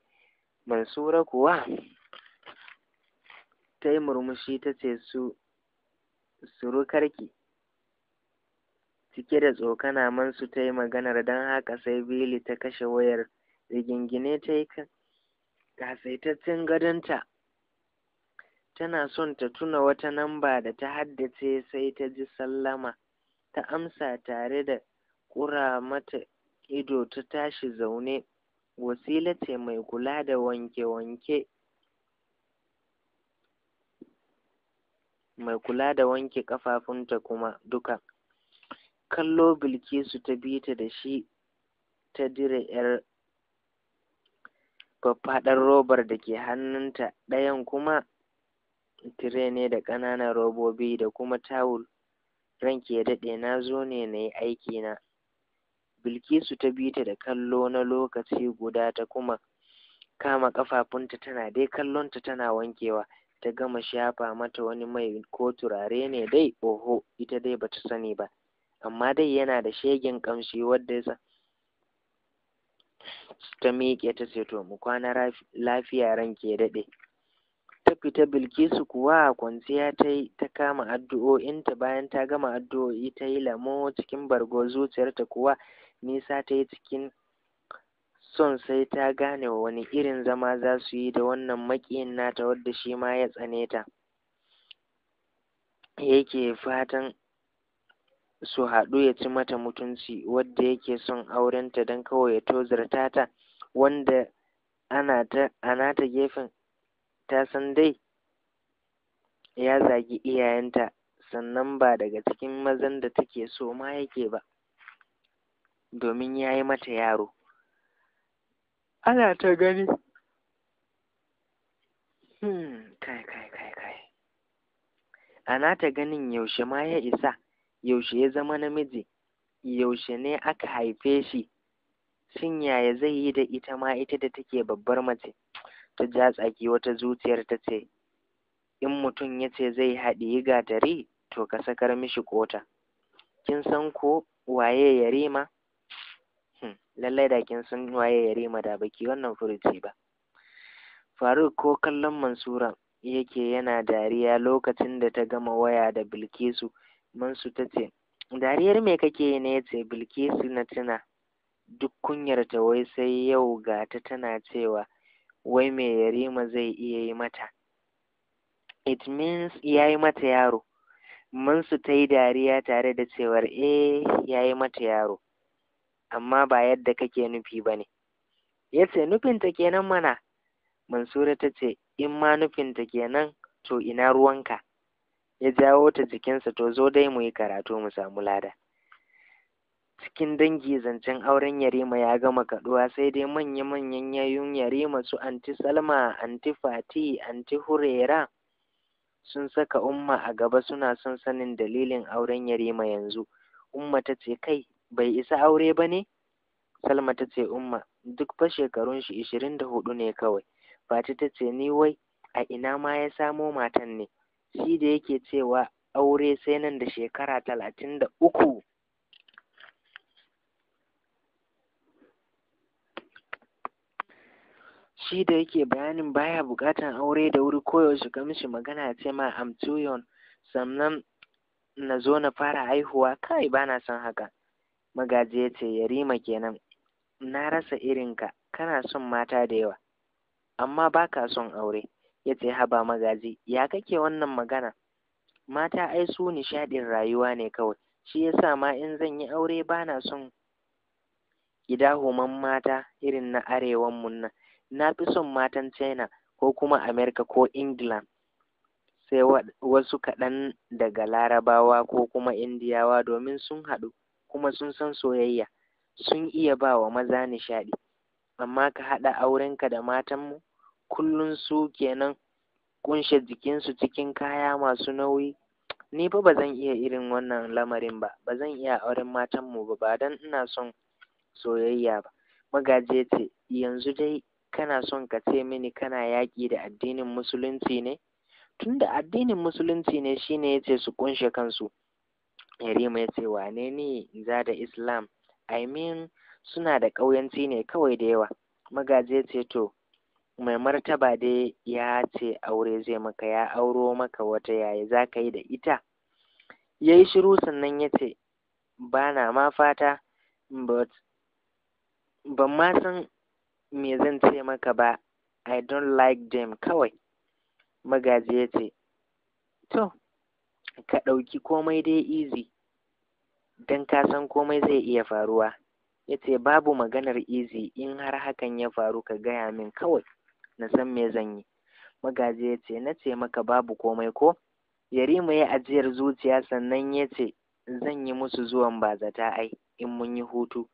mansura kuwa ta yi murmushi ta ce su surukarki cike da tsokana mansu ta yi maganar don haka sai bili ta kashe wayar rigingine ta yi kasaitaccen gadonta tana son ta tuna wata namba da ta haddace sai ta ji sallama ta amsa tare da ƙura mata ido ta tashi zaune wasila ce mai kula da wanke-wanke mai kula da wanke ƙafafunta kuma duka kallo bilkisu ta bi ta da shi ta dire 'yar faffaɗar robar da ke hannunta ɗayan kuma tire ne da ƙananan robobi da kuma tawul ranki ya daɗe na zo ne na yi na. Bilkisu ta bi ta da kallo na lokaci guda ta kuma kama ƙafafunta tana dai kallonta tana wankewa ta gama shafa mata wani mai ko turare ne dai oho ita dai ba ta sani ba amma dai yana da shegen ƙamshi wadda ya ta miƙe ta ce to mu kwana lafiya ran ke daɗe ta fita bilkisu kuwa kwanciya ta yi ta kama addu'o'inta bayan ta gama addu'o'i ta yi lamo cikin bargo zuciyarta kuwa nisa ta yi cikin son sai ta gane wani irin zama za su yi da wannan maƙiyin nata wadda shi ma ya tsane ta yake fatan su haɗu ya ci mata mutunci wadda yake son aurenta don kawai ya tozarta ta wanda ana ta ta gefen ta san dai ya zagi iyayenta sannan ba daga cikin mazan da take so ma yake ba domin ya yi mata yaro ana ta gani hmm kai kai kai kai ana ta ganin yaushe ma ya isa yaushe ya zama namiji yaushe ne aka haife shi shin yaya zai yi da ita ma ita da take babbar mace ta ja tsaki wata zuciyar ta ce in mutum ya ce zai yi gatari to ka sakar mishi kota kin san ko waye yarima lallai da kin sun waye yarima da baki wannan furuci ba faruk ko kallon mansura yake yana dariya lokacin da ta gama waya da bilkisu mansu ta ce dariyar me kake yi ne ya ce bilkisu na tuna duk kunyar ta wai sai yau ga ta tana cewa wai me yarima zai iya yi mata it means ya yi mata yaro mansu ta yi dariya tare da cewar eh ya yi mata yaro amma ba yadda kake nufi ba ne ya ce nufinta kenan mana mansura ta ce in ma nufinta kenan to ina ruwanka ya jawo ta jikinsa to zo dai mu yi karatu mu samu lada cikin dangi zancen auren yarima ya gama kaduwa sai dai manya-manyan yayun yarima su anti salma anti fati anti hurera sun saka umma a gaba suna son sanin dalilin auren yarima yanzu umma ta ce kai bai isa aure ba ne salma ta ce umma duk fa shekarun shi ishirin da hudu ne kawai fati ta ce ni wai a ina ma ya samo matan ne shi da yake cewa aure sai nan da shekara talatin da uku shi da yake bayanin baya bukatan aure da wuri koyaushe ka mishi magana ce ma am sannan na zo na fara haihuwa kai ba na son haka magaji ya ce 'Ya rima kenan na rasa irinka kana son mata da yawa amma ba ka son aure ya ce haba magaji ya kake wannan magana mata ai su nishaɗin rayuwa ne kawai shi yasa ma in zan yi aure ba na son gidahuman mata irin na arewan munna. na fi son matan china ko kuma america ko england sai wasu kaɗan daga larabawa ko kuma indiyawa domin sun haɗu kuma sun san soyayya sun iya ba wa maza nishaɗi amma ka haɗa aurenka da matanmu kullum su kenan kunshe jikinsu cikin kaya masu nauyi ni fa ba zan iya irin wannan lamarin ba ba zan iya auren matanmu ba ba don ina son soyayya ba magaje ce yanzu dai kana son ka ce mini kana yaƙi da addinin musulunci ne tunda addinin musulunci ne shine ya ce su kunshe kansu Yarima ya ce wane ne da Islam? I mean suna da ƙauyanci ne kawai da yawa. Magaji ya ce to mai martaba dai ya ce aure zai maka ya auro maka wata yaya za ka yi da ita. Ya yi shiru sannan ya ce ba na ma fata but ban ma san me zan ce maka ba I don't like them kawai. Magaji ya ce to ka ɗauki komai dai easy don ka san komai zai iya faruwa ya ce babu maganar easy in har hakan ya faru ka gaya min kawai na san me zan yi magaji ya ce na ce maka babu komai ko yarima ya ajiyar zuciya sannan ya ce zan yi musu zuwan ba zata ai in mun yi hutu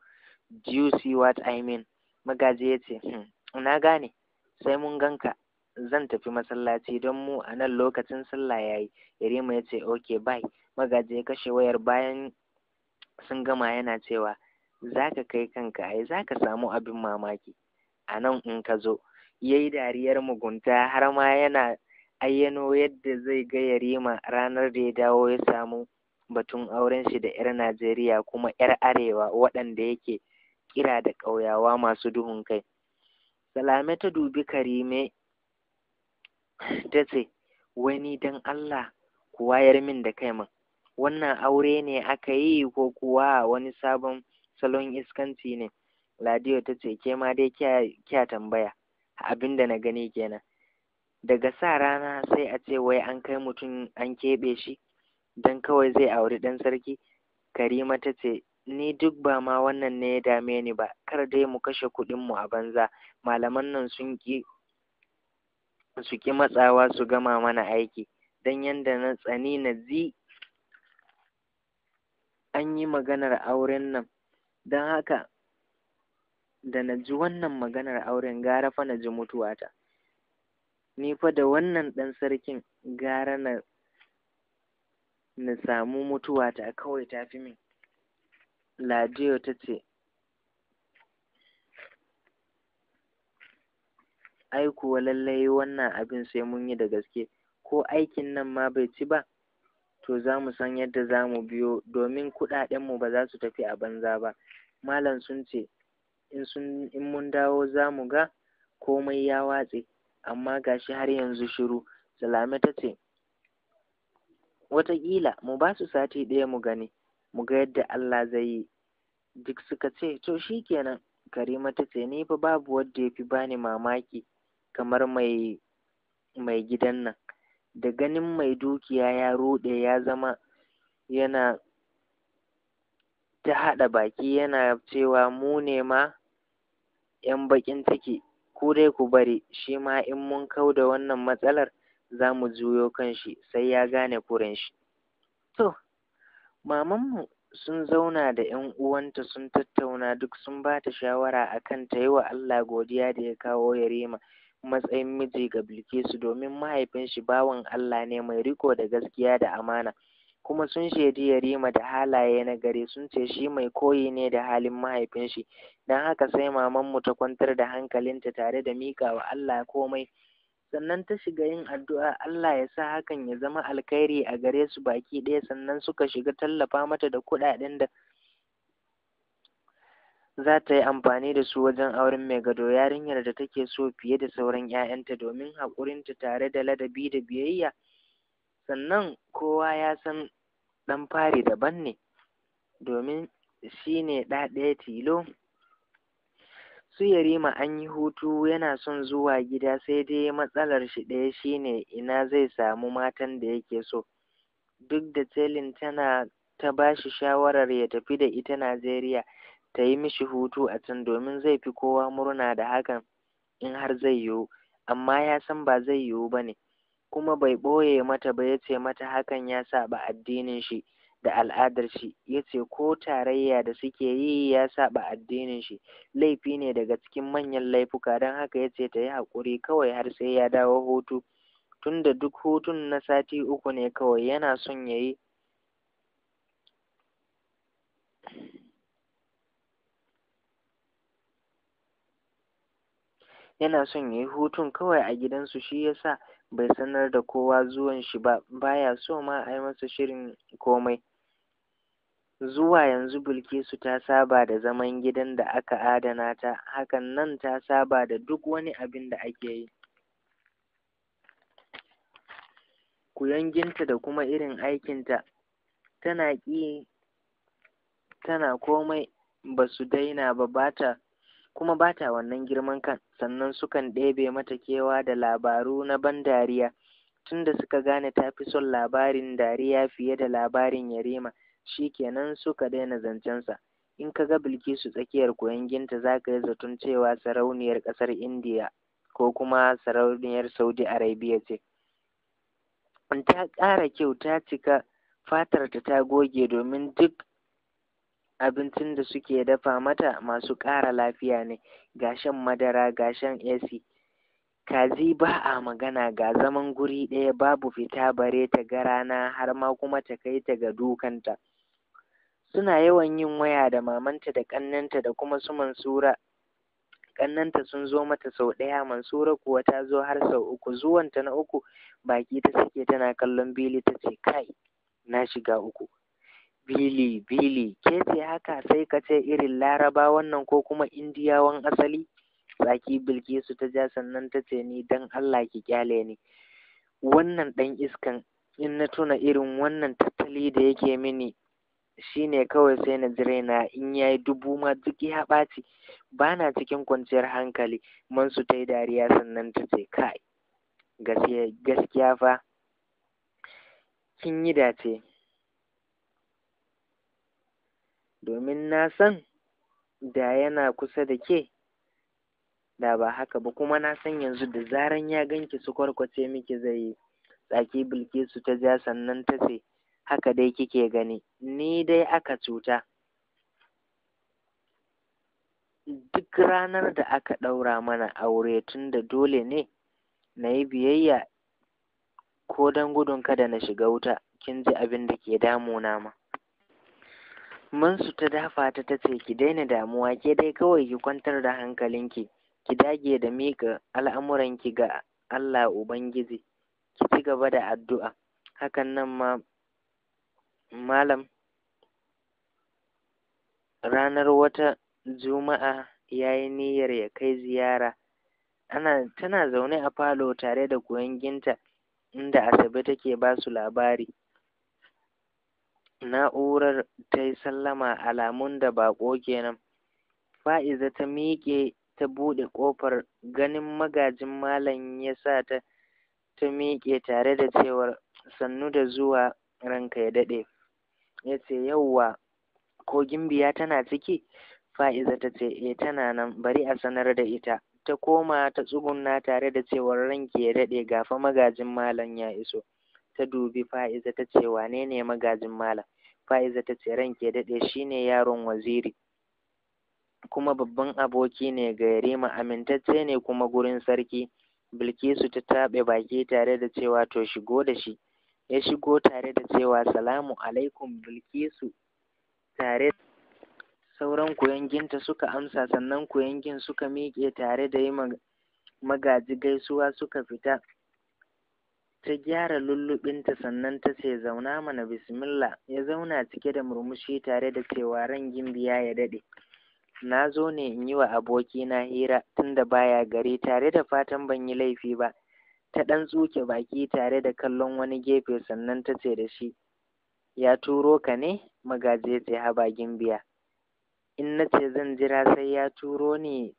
do you see what i mean magaji ya ce hmm, na gane sai mun ganka zan tafi masallaci don mu a nan lokacin sallah ya yi yarima ya ce ok bye magaji ya kashe wayar bayan sun gama yana cewa za ka kai kanka ai za ka samu abin mamaki a nan in ka zo ya yi dariyar mugunta har ma yana ayyano yadda zai ga yarima ranar da ya dawo ya samu batun auren shi da 'yar Najeriya kuma 'yar Arewa waɗanda yake kira da ƙauyawa masu duhun kai. Salame ta dubi Karime ta ce wai ni don Allah ku wayar min da kai min wannan aure ne aka yi ko kuwa wani sabon salon iskanci ne ladiyo ta ce ke ma dai kya tambaya abin da na gani kenan daga sa rana sai a ce wai an kai mutum an keɓe shi don kawai zai auri ɗan sarki karima ta ce ni duk ba ma wannan ne ya dame ni ba kar dai mu kashe kuɗinmu a banza malaman nan sun ƙi su ki matsawa su gama mana aiki don yanda na tsani na ji an yi maganar auren nan don haka da na ji wannan maganar auren gara fa na ji mutuwata ni fa da wannan ɗan sarkin gara na na samu mutuwata kawai ta fi min ladiyo ta ce ai kuwa lallai wannan abin sai mun yi da gaske ko aikin nan ma bai ci ba to za mu san yadda za mu biyo domin kuɗaɗenmu ba za su tafi a banza ba malam sun ce in mun dawo za mu ga komai ya watse amma gashi har yanzu shiru salame ta ce wataƙila mu ba su sati ɗaya mu gani mu ga yadda Allah zai yi duk suka ce to shikenan karima ta ce ni fa babu wadda ya fi bani mamaki kamar mai mai gidan nan da ganin mai dukiya ya ruɗe ya zama yana ta haɗa baki yana cewa mu ne ma ‘yan baƙin ciki ku dai ku bari shi ma in mun kau da wannan matsalar za mu juyo kan shi sai ya gane kuren shi to mamanmu sun zauna da ‘yan uwanta sun tattauna duk sun ba ta shawara akan kan ta yi wa Allah godiya da ya kawo Yarima matsayin miji ga Bilkisu domin mahaifin shi bawan Allah ne mai riko da gaskiya da amana kuma sun shaidi Yarima da halaye na gare sun ce shi mai koyi ne da halin mahaifin shi don haka sai mamanmu ta kwantar da hankalinta tare da mika wa Allah komai sannan ta shiga yin addu'a Allah ya sa hakan ya zama alkhairi a gare su baki ɗaya sannan suka shiga tallafa mata da kuɗaɗen da za ta yi amfani da su wajen auren mai gado yarinyar da take so fiye da sauran 'ya'yanta domin haƙurinta tare da ladabi da biyayya sannan kowa ya san ɗan fari daban ne domin shi ne ɗa tilo su yarima an yi hutu yana son zuwa gida sai dai matsalar shi ɗaya shi ne ina zai samu matan da yake so duk da celin tana ta ba shi shawarar ya tafi da ita najeriya ta yi mishi hutu a can domin zai fi kowa murna da hakan in har zai yiwu amma ya san ba zai yiwu ba ne kuma bai ɓoye mata ba ya ce mata hakan ya saɓa addinin shi da al'adar shi ya ce ko tarayya da suke yi ya saɓa addinin shi laifi ne daga cikin manyan laifuka don haka ya ce ta yi haƙuri kawai har sai ya dawo hutu tunda duk hutun na sati uku ne kawai yana son ya yi yana son ya yi hutun kawai a gidansu shi yasa bai sanar da kowa zuwan shi ba baya so ma a yi masa shirin komai zuwa yanzu bilkisu ta saba da zaman gidan da aka adana ta hakan nan ta saba da duk wani abin da ake yi Ku yanginta da kuma irin aikinta tana ƙi tana komai ba su daina ba ba ta kuma ba ta wannan girman kan sannan sukan ɗebe mata kewa da labaru na ban dariya tun da suka gane ta fi son labarin dariya fiye da labarin yarima shi kenan suka daina zancensa in ka ga bilkisu tsakiyar koyanginta za ka yi zaton cewa sarauniyar ƙasar indiya ko kuma sarauniyar saudi arabia ce ta ƙara kyau ta cika fatarta ta goge domin duk abincin da suke dafa mata masu ƙara lafiya ne ga shan madara ga shan AC kaji ba a magana ga zaman guri ɗaya babu fita bare ta ga rana har ma kuma ta kai ta ga dukanta suna yawan yin waya da mamanta da ƙannenta da kuma su mansura ƙannenta sun zo mata sau ɗaya mansura kuwa ta zo har sau uku zuwanta na uku baki ta suke tana kallon bili ta ce kai na shiga uku bili bili ke ce haka sai ka ce irin larabawan nan ko kuma indiyawan asali tsaki bilkisu ta ja sannan ta ce ni dan allah ki kyale ni wannan ɗan iskan in na tuna irin wannan tattali da yake mini shi ne kawai sai na jiraina na in yi dubu ma duk ya ɓaci bana cikin kwanciyar hankali su ta yi dariya sannan ta ce kai gaskiya fa kin yi dace domin na san da yana kusa da ke da ba haka ba kuma na san yanzu da zaran ya ganki su kwarkwace miki zai yi tsaki bilkisu ta ja sannan ta ce haka dai kike gani ni dai aka cuta duk ranar da aka ɗaura mana aure tun da dole ne na yi biyayya ko don gudun kada na shiga wuta kin ji abin da ke damuna ma Mansu ta dafa ta ta ce ki daina damuwa ke dai kawai ki kwantar da hankalinki ki dage da miƙa al'amuranki ga Allah Ubangiji ki ci gaba da addu'a hakan nan ma malam ranar wata juma'a ya yi niyyar ya kai ziyara ana tana zaune a falo tare da ginta inda Asabe take ba su labari na'urar ta yi sallama alamun da baƙo kenan fa'iza ta miƙe ta buɗe ƙofar ganin magajin malam ya sa ta ta miƙe tare da cewar sannu da zuwa ranka ya daɗe ya ce yauwa ko gimbiya tana ciki fa'iza ta ce e tana nan bari a sanar da ita ta koma ta tsuguna tare da cewar ranki ya daɗe gafa magajin malam ya iso ta dubi Fa'iza ta ce wane ne magajin malam Fa'iza ta ce ke daɗe shine yaron waziri kuma babban aboki ne ga Yarima amintacce ne kuma gurin sarki Bilkisu ta taɓe baki tare da cewa to shigo da shi ya shigo tare da cewa salamu alaikum Bilkisu tare sauran kuyanginta suka amsa sannan kuyangin suka miƙe tare da yi magaji gaisuwa suka fita ta gyara lullubinta sannan ta ce zauna mana bismillah ya zauna cike da murmushi tare da cewa ran gimbiya ya daɗe na zo ne in yi wa abokina hira tunda baya gari tare da fatan ban yi laifi ba ta ɗan tsuke baki tare da kallon wani gefe sannan ta ce da shi ya turo ka ne magaje ce haba gimbiya in na ce zan jira sai ya turo ni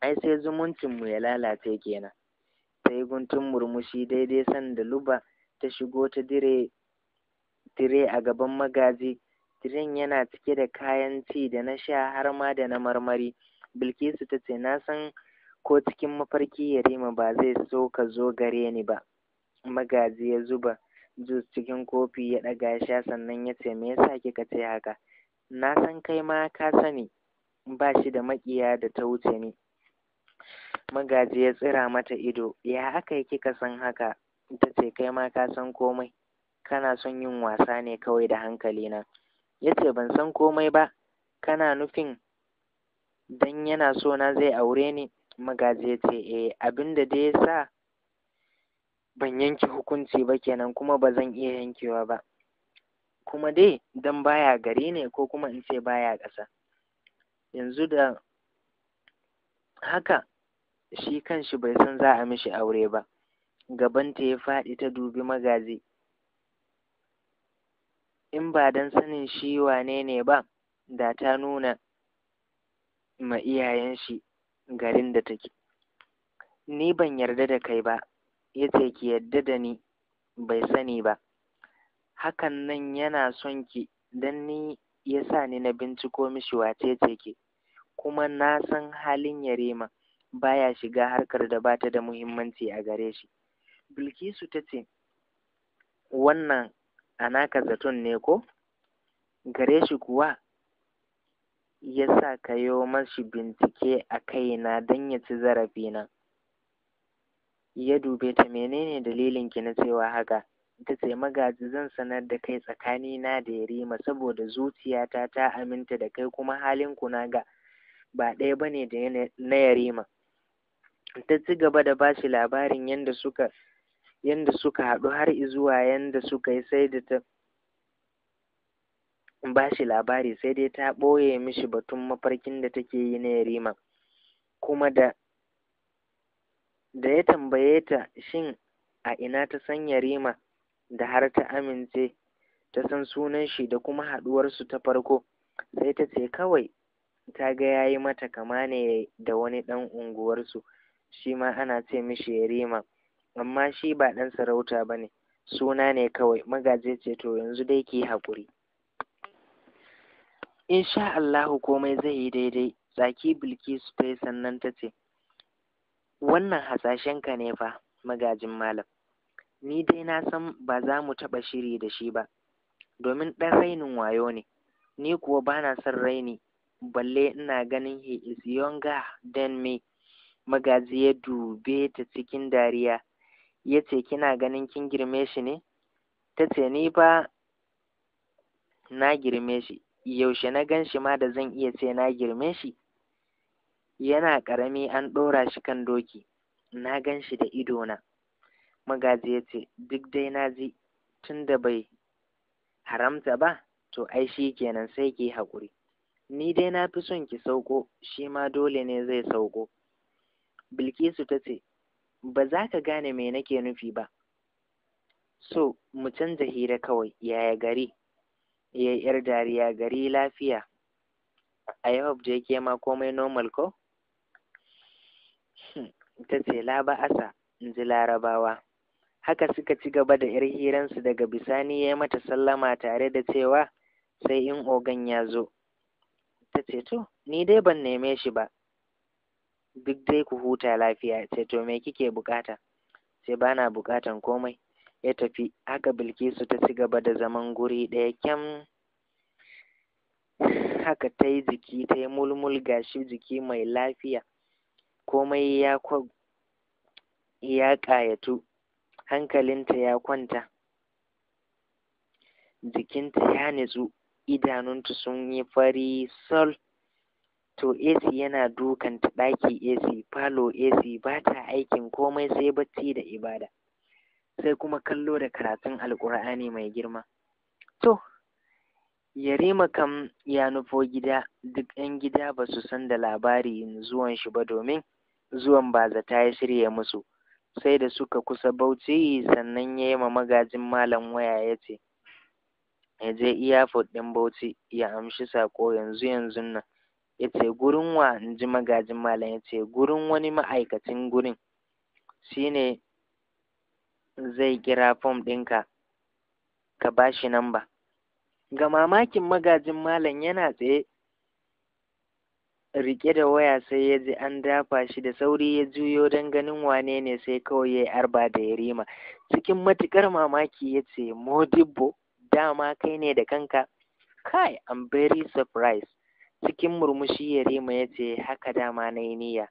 ai sai zumuncinmu ya lalace kenan ta yi guntun murmushi daidai sanda luba ta shigo ta dire dire a gaban magaji Diren yana cike da kayan ci da na sha har ma da na marmari bilkisu ta ce na san ko cikin mafarki yarima ba zai so ka zo gare ni ba magaji ya zuba jus cikin kofi ya ɗaga sha sannan ya ce me yasa kika ce haka na san kai ma ka sani ba shi da maƙiya da ta wuce ni Magaji ya tsira mata ido, ya haka yi kika san haka? Ta ce kai ma ka san komai, kana son yin wasa ne kawai da hankalina. Ya ce ban san komai ba, kana nufin dan yana so na zai aure ni? Magaji ya ce e abin da dai ya sa ban yanke hukunci ba kenan kuma ba zan iya yankewa ba. Kuma dai dan baya gari ne ko kuma in ce baya ƙasa. Yanzu da haka shi kanshi bai san za a mishi aure ba gabanta ya faɗi ta dubi magaji in ba don sanin shi wane ne ba da ta nuna ma iyayen shi garin da take ni ban yarda da kai ba ya ce ki yarda da ni bai sani ba hakan nan yana son ki don ni ya sa ni na binciko mishi wace ce ke kuma na san halin yarima baya shiga harkar da ba ta da muhimmanci a gare shi bilkisu ta ce wannan a naka zaton ne ko gare shi kuwa ya sa ka yi mashi bincike a kaina don ya ci zarafina ya dube ta menene dalilinki na cewa haka ta ce magaji zan sanar da kai tsakani na da yarima saboda zuciyata ta aminta da kai kuma halin ku na ga ba ɗaya bane da na yarima ta ci gaba da ba shi labarin yadda suka yadda suka haɗu har izuwa yadda suka yi sai da ta ba shi labari sai dai ta ɓoye mishi batun mafarkin da take yi na yarima kuma da da ya tambaye ta shin a ina ta san yarima da har ta amince ta san sunan shi da kuma haɗuwarsu ta farko sai ta ce kawai ta ga ya yi mata kama ne da wani ɗan unguwarsu shi ma ana ce mishi yarima amma shi ba ɗan sarauta ba ne suna ne kawai magaji ce to yanzu dai ki haƙuri insha Allahu komai zai yi daidai tsaki Bilkisu ta yi sannan ta ce wannan hasashenka ne fa magajin malam ni dai na san ba za mu taɓa shiri da shi ba domin ɗan rainin wayo ne ni kuwa ba na son raini balle ina ganin he is younger than me magaji ya dube ta cikin dariya ya ce kina ganin kin girme shi ne ta ce ni ba na girme shi yaushe na gan shi ma da zan iya ce na girme shi yana ƙarami an ɗora shi kan doki na gan shi da idona magaji ya ce duk dai na ji tun da bai haramta ba to ai shi kenan sai ki haƙuri ni dai na fi son ki sauko shi ma dole ne zai sauko Bilkisu ta ce, Ba za ka gane me nake nufi ba. So, mu canza hira kawai, yaya gari? Ya ‘yar dariya gari lafiya. I hope je ke ma komai normal ko? Hmm, ta ce, laba asa in ji larabawa. Haka suka ci gaba da ‘yar hiransu daga bisani ya mata sallama tare da cewa sai in ogan ya zo. Ta ce, To, ni dai ban neme shi ba, duk dai ku huta lafiya ce to me kike buƙata sai bana bukatan buƙatan komai ya tafi haka bilkisu ta ci gaba da zaman guri ɗaya kyam haka ta yi jiki ta yi mulmul gashi jiki mai lafiya komai ya kwa ya ƙayatu hankalinta ya kwanta jikinta ya nitsu idanunta sun yi fari sol to AC yana dukanta ɗaki AC falo AC ba ta aikin komai sai bacci da ibada sai kuma kallo da karatun alƙur'ani mai girma to Yarima kam ya nufo gida duk 'yan gida ba su san da labarin zuwan shi ba domin zuwan ba zata ya shirya musu sai da suka kusa bauchi sannan ya yi ma magajin malam waya ya ce ya je iyafot ɗin bauchi ya amshi saƙo yanzu yanzun nan ya ce gurin wa in ji magajin malam ya ce gurin wani ma'aikacin gurin shine zai kira fom ɗinka ka ba shi namba ga mamakin magajin malam yana tsaye rike da waya sai ya ji an dafa shi da sauri ya juyo don ganin wane ne sai kawai ya yi arba da ya rima cikin matukar mamaki ya ce modibbo dama kai ne da kanka kai i'm very surprised Cikin murmushi Yarima ya ce, Haka dama na yi niyya.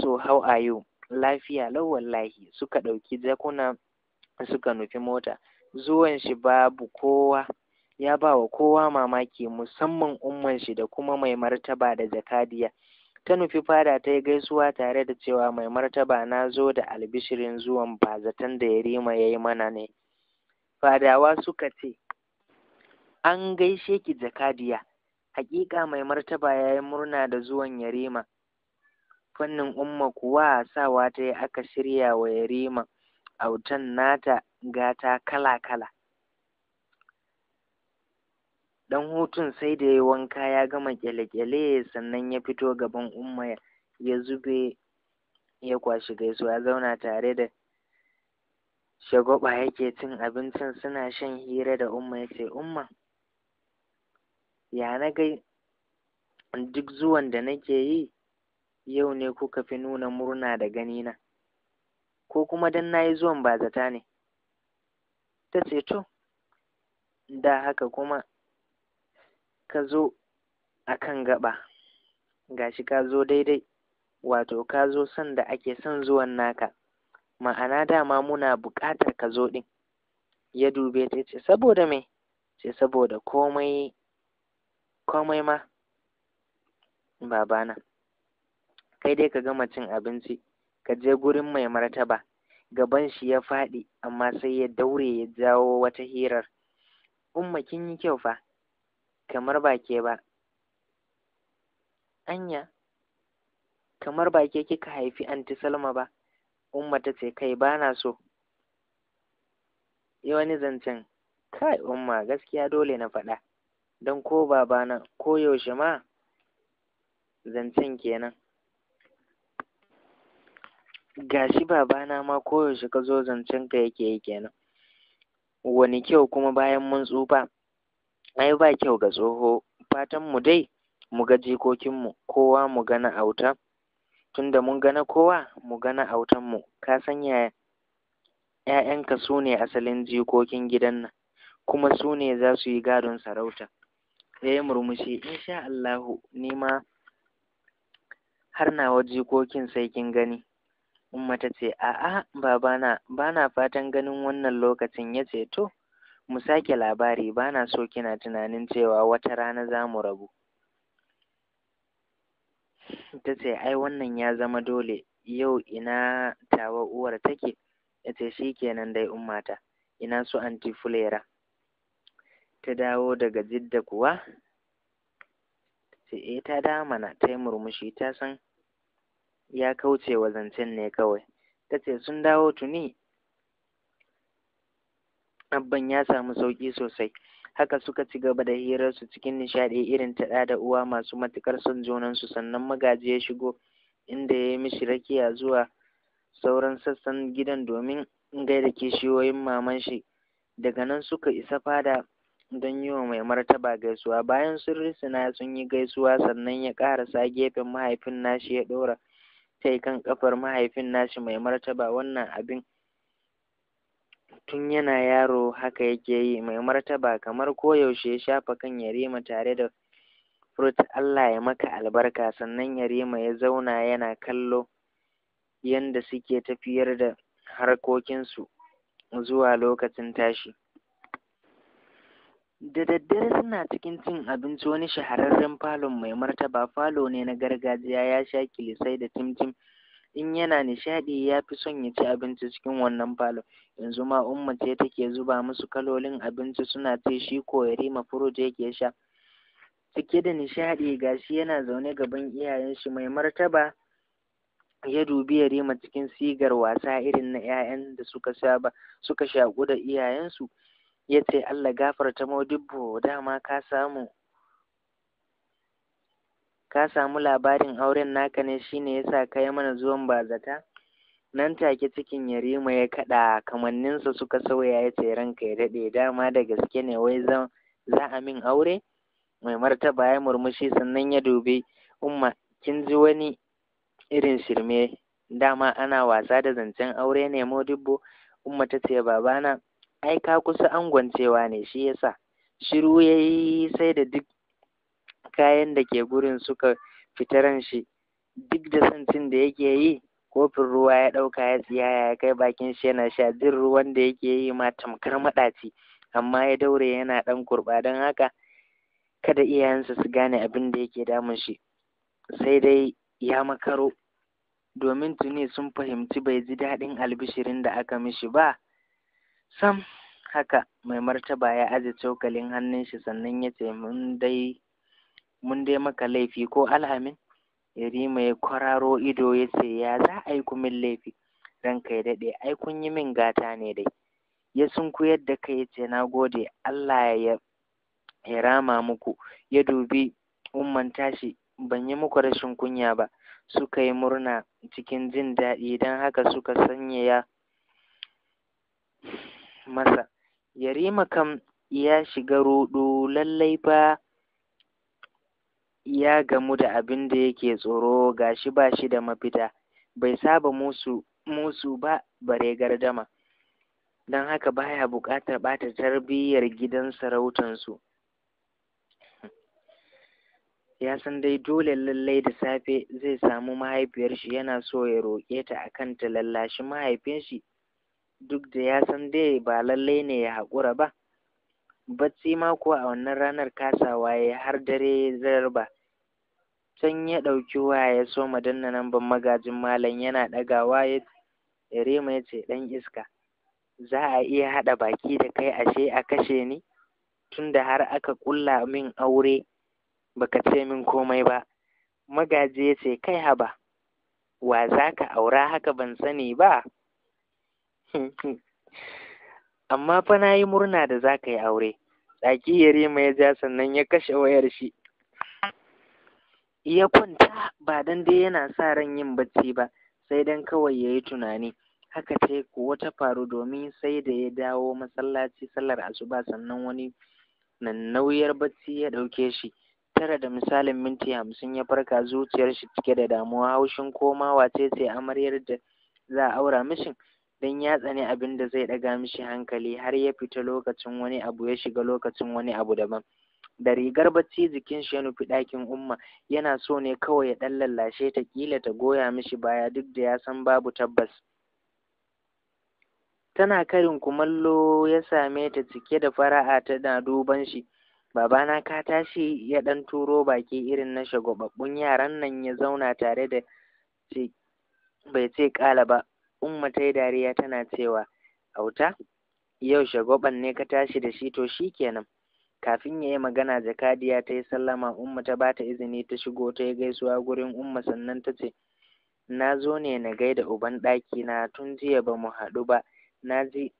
So, how are you? Lafiya lau wallahi, suka ɗauki jakuna suka nufi mota. Zuwan shi babu kowa, ya ba wa kowa mamaki musamman umman shi da kuma mai martaba da jakadiya. Ta nufi fada ta yi gaisuwa tare da cewa mai martaba na zo da albishirin zuwan bazatan da Yarima ya yi mana ne. Fadawa suka ce, An gaishe ki jakadiya. Haƙiƙa mai martaba ya yi murna da zuwan Yarima. Fannin Umma kuwa sawa ta yi aka shirya wa Yarima autan nata gata kala-kala. Ɗan hutun sai da ya wanka ya gama ƙyale-ƙyale sannan ya fito gaban Umma ya zube ya kwashi gaisuwa ya zauna tare da shagwaba yake cin abincin suna shan hira da Umma ya ce, Umma, ya na gai duk zuwan da nake yi yau ne kuka fi nuna murna da gani na, ko kuma dan na yi zuwan ba zata ne ta ce to da haka kuma ka zo a kan gaɓa, gashi ka zo daidai wato ka zo son da ake son zuwan naka ma'ana dama muna buƙatar ka zo ɗin ya dube ta ce saboda me ce saboda komai komai ma babana kai dai ka gama cin abinci ka je gurin mai martaba gaban shi ya faɗi amma sai ya daure ya jawo wata hirar umma kin yi kyau fa kamar ba ke ba anya kamar ba ke kika haifi anti salma ba umma ta ce kai ba na so yi wani zancen kai umma gaskiya dole na faɗa don ko babana koyaushe ma zancen kenan gashi babana ma koyaushe ka zo zancenka yake yi kenan wani kyau kuma bayan mun tsufa ai ba kyau ga tsoho fatan mu dai mu ga jikokinmu kowa mu ga na auta tunda mun ga na kowa mu ga na autan mu ka san yaya ƴaƴanka su ne asalin jikokin gidan nan kuma su ne za su yi gadon sarauta ya yi murmushi insha Allahu ni ma har nawa jikokin sai kin gani umma ta ce a'a babana bana fatan ganin wannan lokacin ya ce to mu sake labari bana so kina tunanin cewa wata rana za mu rabu ta ce ai wannan ya zama dole yau ina tawa uwar take ya ce shi kenan dai ummata ina su anti fulera ta dawo daga jidda kuwa ce eh ta dawo mana ta yi murmushi ta san ya kauce wa zancen ne kawai ta ce sun dawo tuni abban ya samu sauƙi sosai haka suka ci gaba da hirarsu cikin nishaɗi irin ta ɗa da uwa masu matuƙar son junansu sannan magaji ya shigo inda ya yi mishi rakiya zuwa sauran sassan gidan domin gaida kishiyoyin maman shi daga nan suka isa fada don yi wa mai martaba gaisuwa bayan sun risina sun yi gaisuwa sannan ya ƙarasa gefen mahaifin nashi ya ɗora tai kan ƙafar mahaifin nashi mai martaba wannan abin tun yana yaro haka yake yi mai martaba kamar koyaushe ya shafa kan yarima tare da furut Allah ya maka albarka sannan yarima ya zauna yana kallo yanda suke tafiyar da harkokinsu zuwa lokacin tashi Da daddare suna cikin cin abinci wani shahararren falon mai martaba falo ne na gargajiya ya sha kilisai da timtim in yana nishaɗi ya fi son ya ci abinci cikin wannan falon yanzu ma umma ce take zuba musu kalolin abinci suna ci shi ko ya rima yake sha cike da nishaɗi gashi yana zaune gaban iyayen shi mai martaba ya dubi ya rima cikin sigar wasa irin na 'ya'yan da suka saba suka shaƙu da iyayensu ya ce Allah gafarta modibbo dama ka samu ka samu labarin auren naka ne shine yasa ka yi mana zuwan bazata nan take cikin yarima ya kaɗa kamanninsa suka sauya ya ce ranka ya daɗe dama da gaske ne wai za a min aure mai martaba ya murmushi sannan ya dubi umma kin ji wani irin shirme dama ana wasa da zancen aure ne modibbo umma ta ce babana ai ka kusa angwancewa ne shi yasa shiru ya yi sai da duk kayan da ke gurin suka fita ran shi duk da son cin da yake yi kofin ruwa ya ɗauka ya tsiya ya kai bakin shi yana sha jin ruwan da yake yi ma tamkar maɗaci amma ya daure yana ɗan kurɓa don haka kada iyayensa su gane abin da yake damun shi sai dai ya makaro domin tuni sun fahimci bai ji daɗin albishirin da aka mishi ba sam haka mai martaba ya aje cokalin hannun shi sannan ya ce mun dai mun dai maka laifi ko alhamin yarima ya kwararo ido ya ce ya za a yi kumin laifi ranka ya daɗe ai kun yi min gata ne dai ya sunkuyar da ka ya ce na gode allah ya rama muku ya dubi umman tashi ban yi muku rashin kunya ba suka yi murna cikin jin daɗi don haka suka sanya ya? masa yarima kam ya shiga ruɗu lallai fa ya gamu da abin da yake tsoro gashi ba shi da mafita bai saba musu musu ba bare gardama don haka baya buƙatar ɓata tarbiyyar gidan su. ya san dai dole lallai da safe zai samu mahaifiyar shi yana so ya roƙe ta akan ta lallashi mahaifin shi duk da ya san dai ba lallai ne ya haƙura ba bacci ma kuwa a wannan ranar kasawa waye har dare zarba can ya ɗauki waya ya so danna namban magajin malam yana ɗagawa ya rema ya ce ɗan iska za a iya haɗa baki da kai ashe a kashe ni tunda har aka ƙulla min aure baka ce min komai ba magaji ya ce kai haba wa za ka aura haka ban sani ba amma fa na yi murna da za ka yi aure tsaki yarima ya ja sannan ya kashe wayar shi ya kwanta ba dan dai yana sa ran yin bacci ba sai dan kawai ya yi tunani haka ta kuwa ta faru domin sai da ya dawo masallaci sallar asuba sannan wani nannauyar bacci ya ɗauke shi tara da misalin minti hamsin ya farka zuciyar shi cike da damuwa haushin komawa, ce ce amaryar da za a aura mishin don ya tsani abin da zai ɗaga mishi hankali har ya fita lokacin wani abu ya shiga lokacin wani abu daban da rigar bacci jikin shi ya nufi ɗakin umma yana so ne kawai ya ɗan lallashe ta ƙila ta goya mishi baya duk da ya san babu tabbas tana karin kumallo ya same ta cike da fara'a tana duban shi babana ka tashi ya ɗan turo baki irin na shagwababbun yaran nan ya zauna tare da bai ce ƙala ba Umma ta yi dariya tana cewa, Auta, yau shagoban ne ka tashi da shi to shi kenan. Kafin ya yi magana jakadiya ta yi sallama Umma ta ba ta izini ta shigo ta yi gaisuwa gurin Umma sannan ta ce, Na zo ne na gaida uban ɗaki na tun jiya ba mu haɗu ba, na ji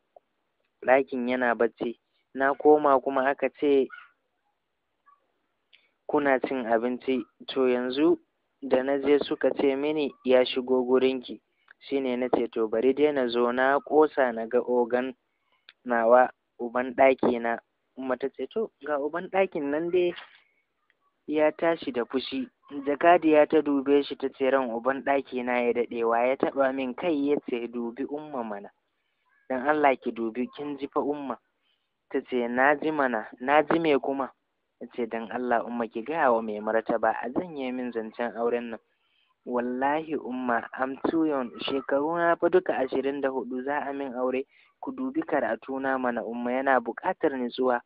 ɗakin yana bacci, na koma kuma aka ce kuna cin abinci, to yanzu da na je suka ce mini ya shigo gurinki. shine na ce to bari dai na zo na ƙosa na ga ogan nawa uban ɗaki na umma ta ce to ga uban ɗakin nan dai ya tashi da fushi jakadiya ta dube shi ta ce ran uban ɗaki na ya daɗewa ya taɓa min kai ya ce dubi umma mana dan Allah ki dubi kin ji fa umma ta ce na ji mana na ji me kuma ta ce dan Allah umma ki gaya wa mai martaba a zanye min zancen auren nan wallahi umma am too young shekaru na fa duka ashirin da hudu za a min aure ku dubi karatuna mana umma yana buƙatar nutsuwa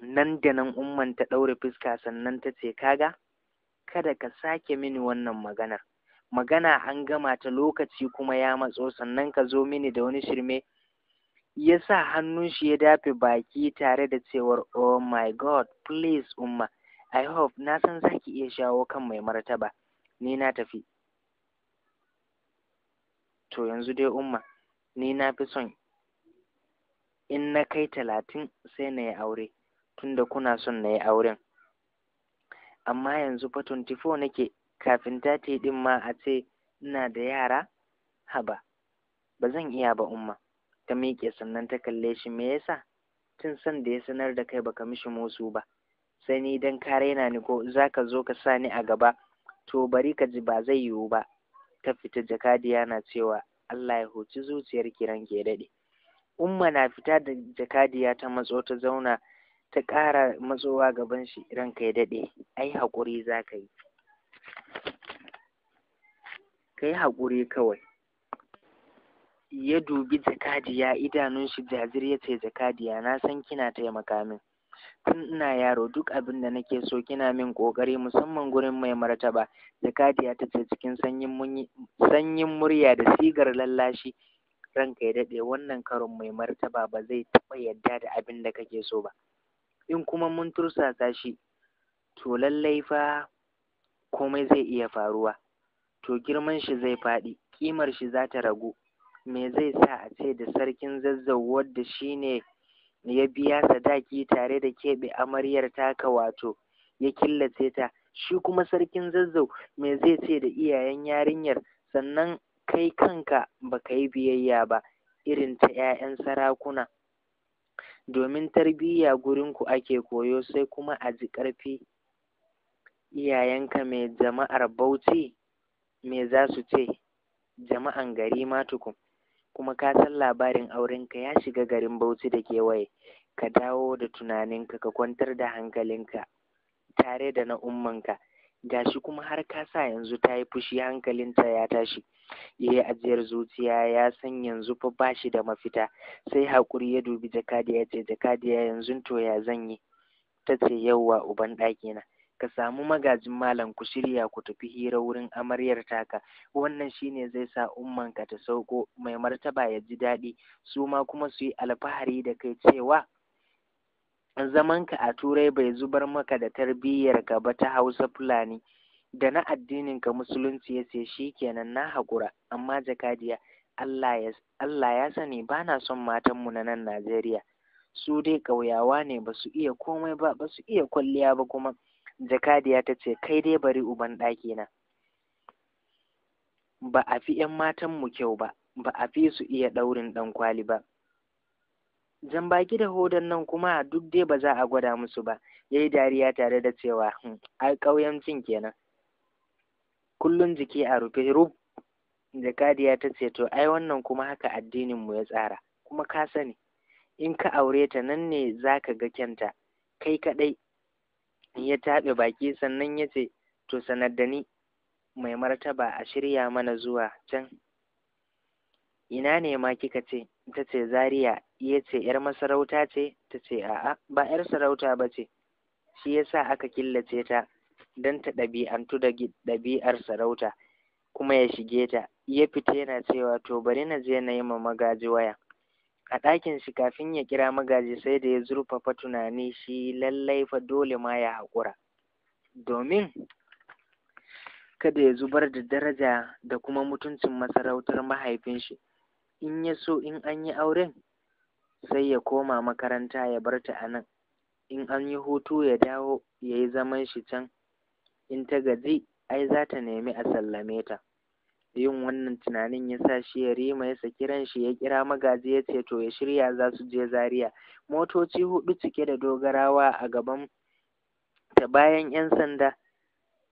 nan da nan umman ta ɗaure fuska sannan ta ce kaga kada ka sake mini wannan maganar magana an gama ta lokaci kuma ya matso sannan ka zo mini da wani shirme ya sa hannun shi ya dafe baki tare da cewar oh my god please umma i hope na san zaki iya shawo kan mai martaba ni na tafi to yanzu dai umma ni na fi son in na kai talatin sai na yi aure tunda kuna son na yi auren amma yanzu fa 24 nake kafin tati din ma a ce ina da yara haba ba zan iya ba umma ta miƙe sannan ta kalle shi me yasa tun san da ya sanar da kai baka mishi musu ba sai ni dan ka raina ni ko zaka zo ka sa ni a gaba to bari ka ji ba zai yiwu ba ta fita jakadiya na cewa Allah ya huci zuciyar kiran ke daɗe umma na fita da jakadiya ta matso ta zauna ta ƙara matsowa gaban shi ran ya daɗe ai haƙuri za ka yi ka yi haƙuri kawai ya dubi jakadiya idanun shi jazir ya ce jakadiya na san kina taimaka min tun ina yaro duk abin da nake so kina min ƙoƙari musamman gurin mai martaba jakadiya ta ce cikin sanyin murya da sigar lallashi ranka ya dade wannan karon mai martaba ba zai taɓa yadda da abin da kake so ba in kuma mun tursasa shi to lallai fa komai zai iya faruwa to girman shi zai faɗi ƙimar shi za ta ragu me zai sa a ce da sarkin zazzau wanda shine ya biya sadaki tare da keɓe amaryar taka wato ya killace ta shi kuma sarkin zazzau me zai ce da iyayen yarinyar sannan kai kanka ba ka yi biyayya ba irin ta 'ya'yan sarakuna domin tarbiyya gurin ku ake koyo sai kuma a ji ƙarfi iyayenka mai jama'ar bauchi me za su ce jama'an gari ma tukun kuma ka san labarin ka ya shiga garin Bauchi da kewaye ka dawo da tunaninka ka kwantar da hankalinka tare da na ummanka gashi kuma har ka sa yanzu ta yi fushi hankalinta ya tashi yayi ajiyar zuciya ya san yanzu fa ba shi da mafita sai hakuri ya dubi jakadiya ya ce jakadiya yanzu to ya zan yi ta ce yauwa uban ɗaki na ka samu magajin malam ku shirya ku tafi hira wurin amaryar taka wannan shine zai sa ummarka ta sauko mai martaba ya ji daɗi su ma kuma su yi alfahari da kai cewa Zaman ka a turai bai zubar maka da tarbiyyarka ba ta hausa fulani da na addinin ka musulunci ya ce shi kenan na haƙura amma jakadiya Allah ya sani ba na son matanmu na nan Najeriya su dai ƙauyawa ne ba su iya komai ba ba su iya kwalliya ba kuma jakadiya ta ce kai dai bari uban ɗaki na ba a fi ‘yan matanmu kyau ba ba a fi su iya ɗaurin ɗan kwali ba jan baki da hodon nan kuma duk dai ba za a gwada musu ba ya yi dariya tare da cewa hmm, ai ƙauyancin kenan kullum jiki a rufe rub jakadiya ta ce to ai wannan kuma haka addininmu ya tsara kuma ka sani in ka aure ta nan ne za ka ga kyanta kai kaɗai ya taɓe baki sannan ya ce to sanar da ni mai martaba a shirya mana zuwa can ina ne ma kika ce ta ce zaria ya ce yar masarauta ce ta ce a'a ba yar sarauta ba ce shi ya sa aka killace ta don ta ɗabi'antu da ɗabi'ar sarauta kuma ya shige ta ya fita yana cewa to bari na je na yi ma magaji waya a ɗakin shi kafin ya kira magaji sai da ya zurfafa tunani shi lallai fa dole ma ya haƙura domin kada ya zubar da daraja da kuma mutuncin masarautar mahaifin shi in ya so in an yi auren sai ya koma makaranta ya bar ta a nan in an yi hutu ya dawo ya yi zaman shi can in ta gaji ai za ta nemi a sallame ta yin wannan tunanin ya sa shi Yarima ya saki shi ya kira magaji ya ce to ya shirya za su je Zaria. Motoci hudu cike da dogarawa a gaban ta bayan 'yan sanda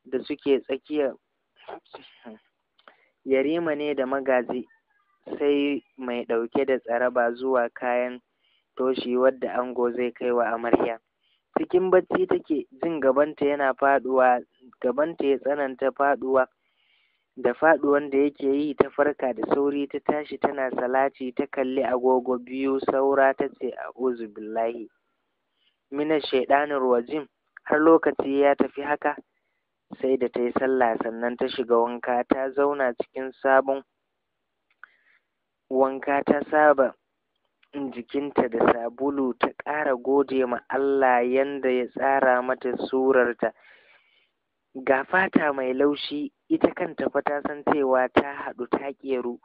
da suke tsakiya Yarima ne da magaji sai mai ɗauke da tsaraba zuwa kayan toshi wadda ango zai kai wa amarya. Cikin bacci take jin gabanta yana faɗuwa, gabanta ya tsananta faɗuwa. da faɗuwan da yake yi ta farka da sauri ta tashi tana salati ta kalli agogo biyu saura ta ce a'udhu billahi mina shaidanir rajim har lokaci ya tafi haka sai da ta yi sallah sannan ta shiga wanka ta zauna cikin sabon wanka ta saba jikinta da sabulu ta ƙara gode ma Allah yanda ya tsara mata surarta ga fata mai laushi ita kanta fa ta san cewa ta haɗu ta ƙeru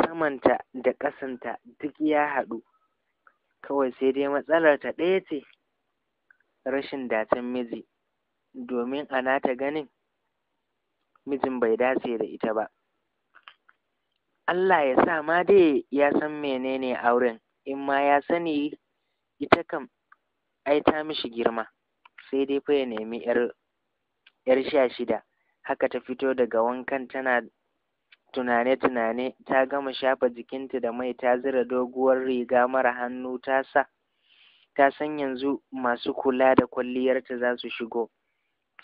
samanta da ƙasanta duk ya haɗu kawai sai dai matsalar ta ɗaya ce rashin dacen miji domin a nata ganin mijin bai dace da ita ba Allah ya sa ma dai ya san menene auren in ma ya sani ita kam ai ta mishi girma sai dai fa ya nemi 'yar 'yar sha shida haka ta fito daga wankan tana tunane-tunane ta gama shafa jikinta da mai ta zira doguwar riga mara hannu ta sa ta san yanzu masu kula da kwalliyarta za su shigo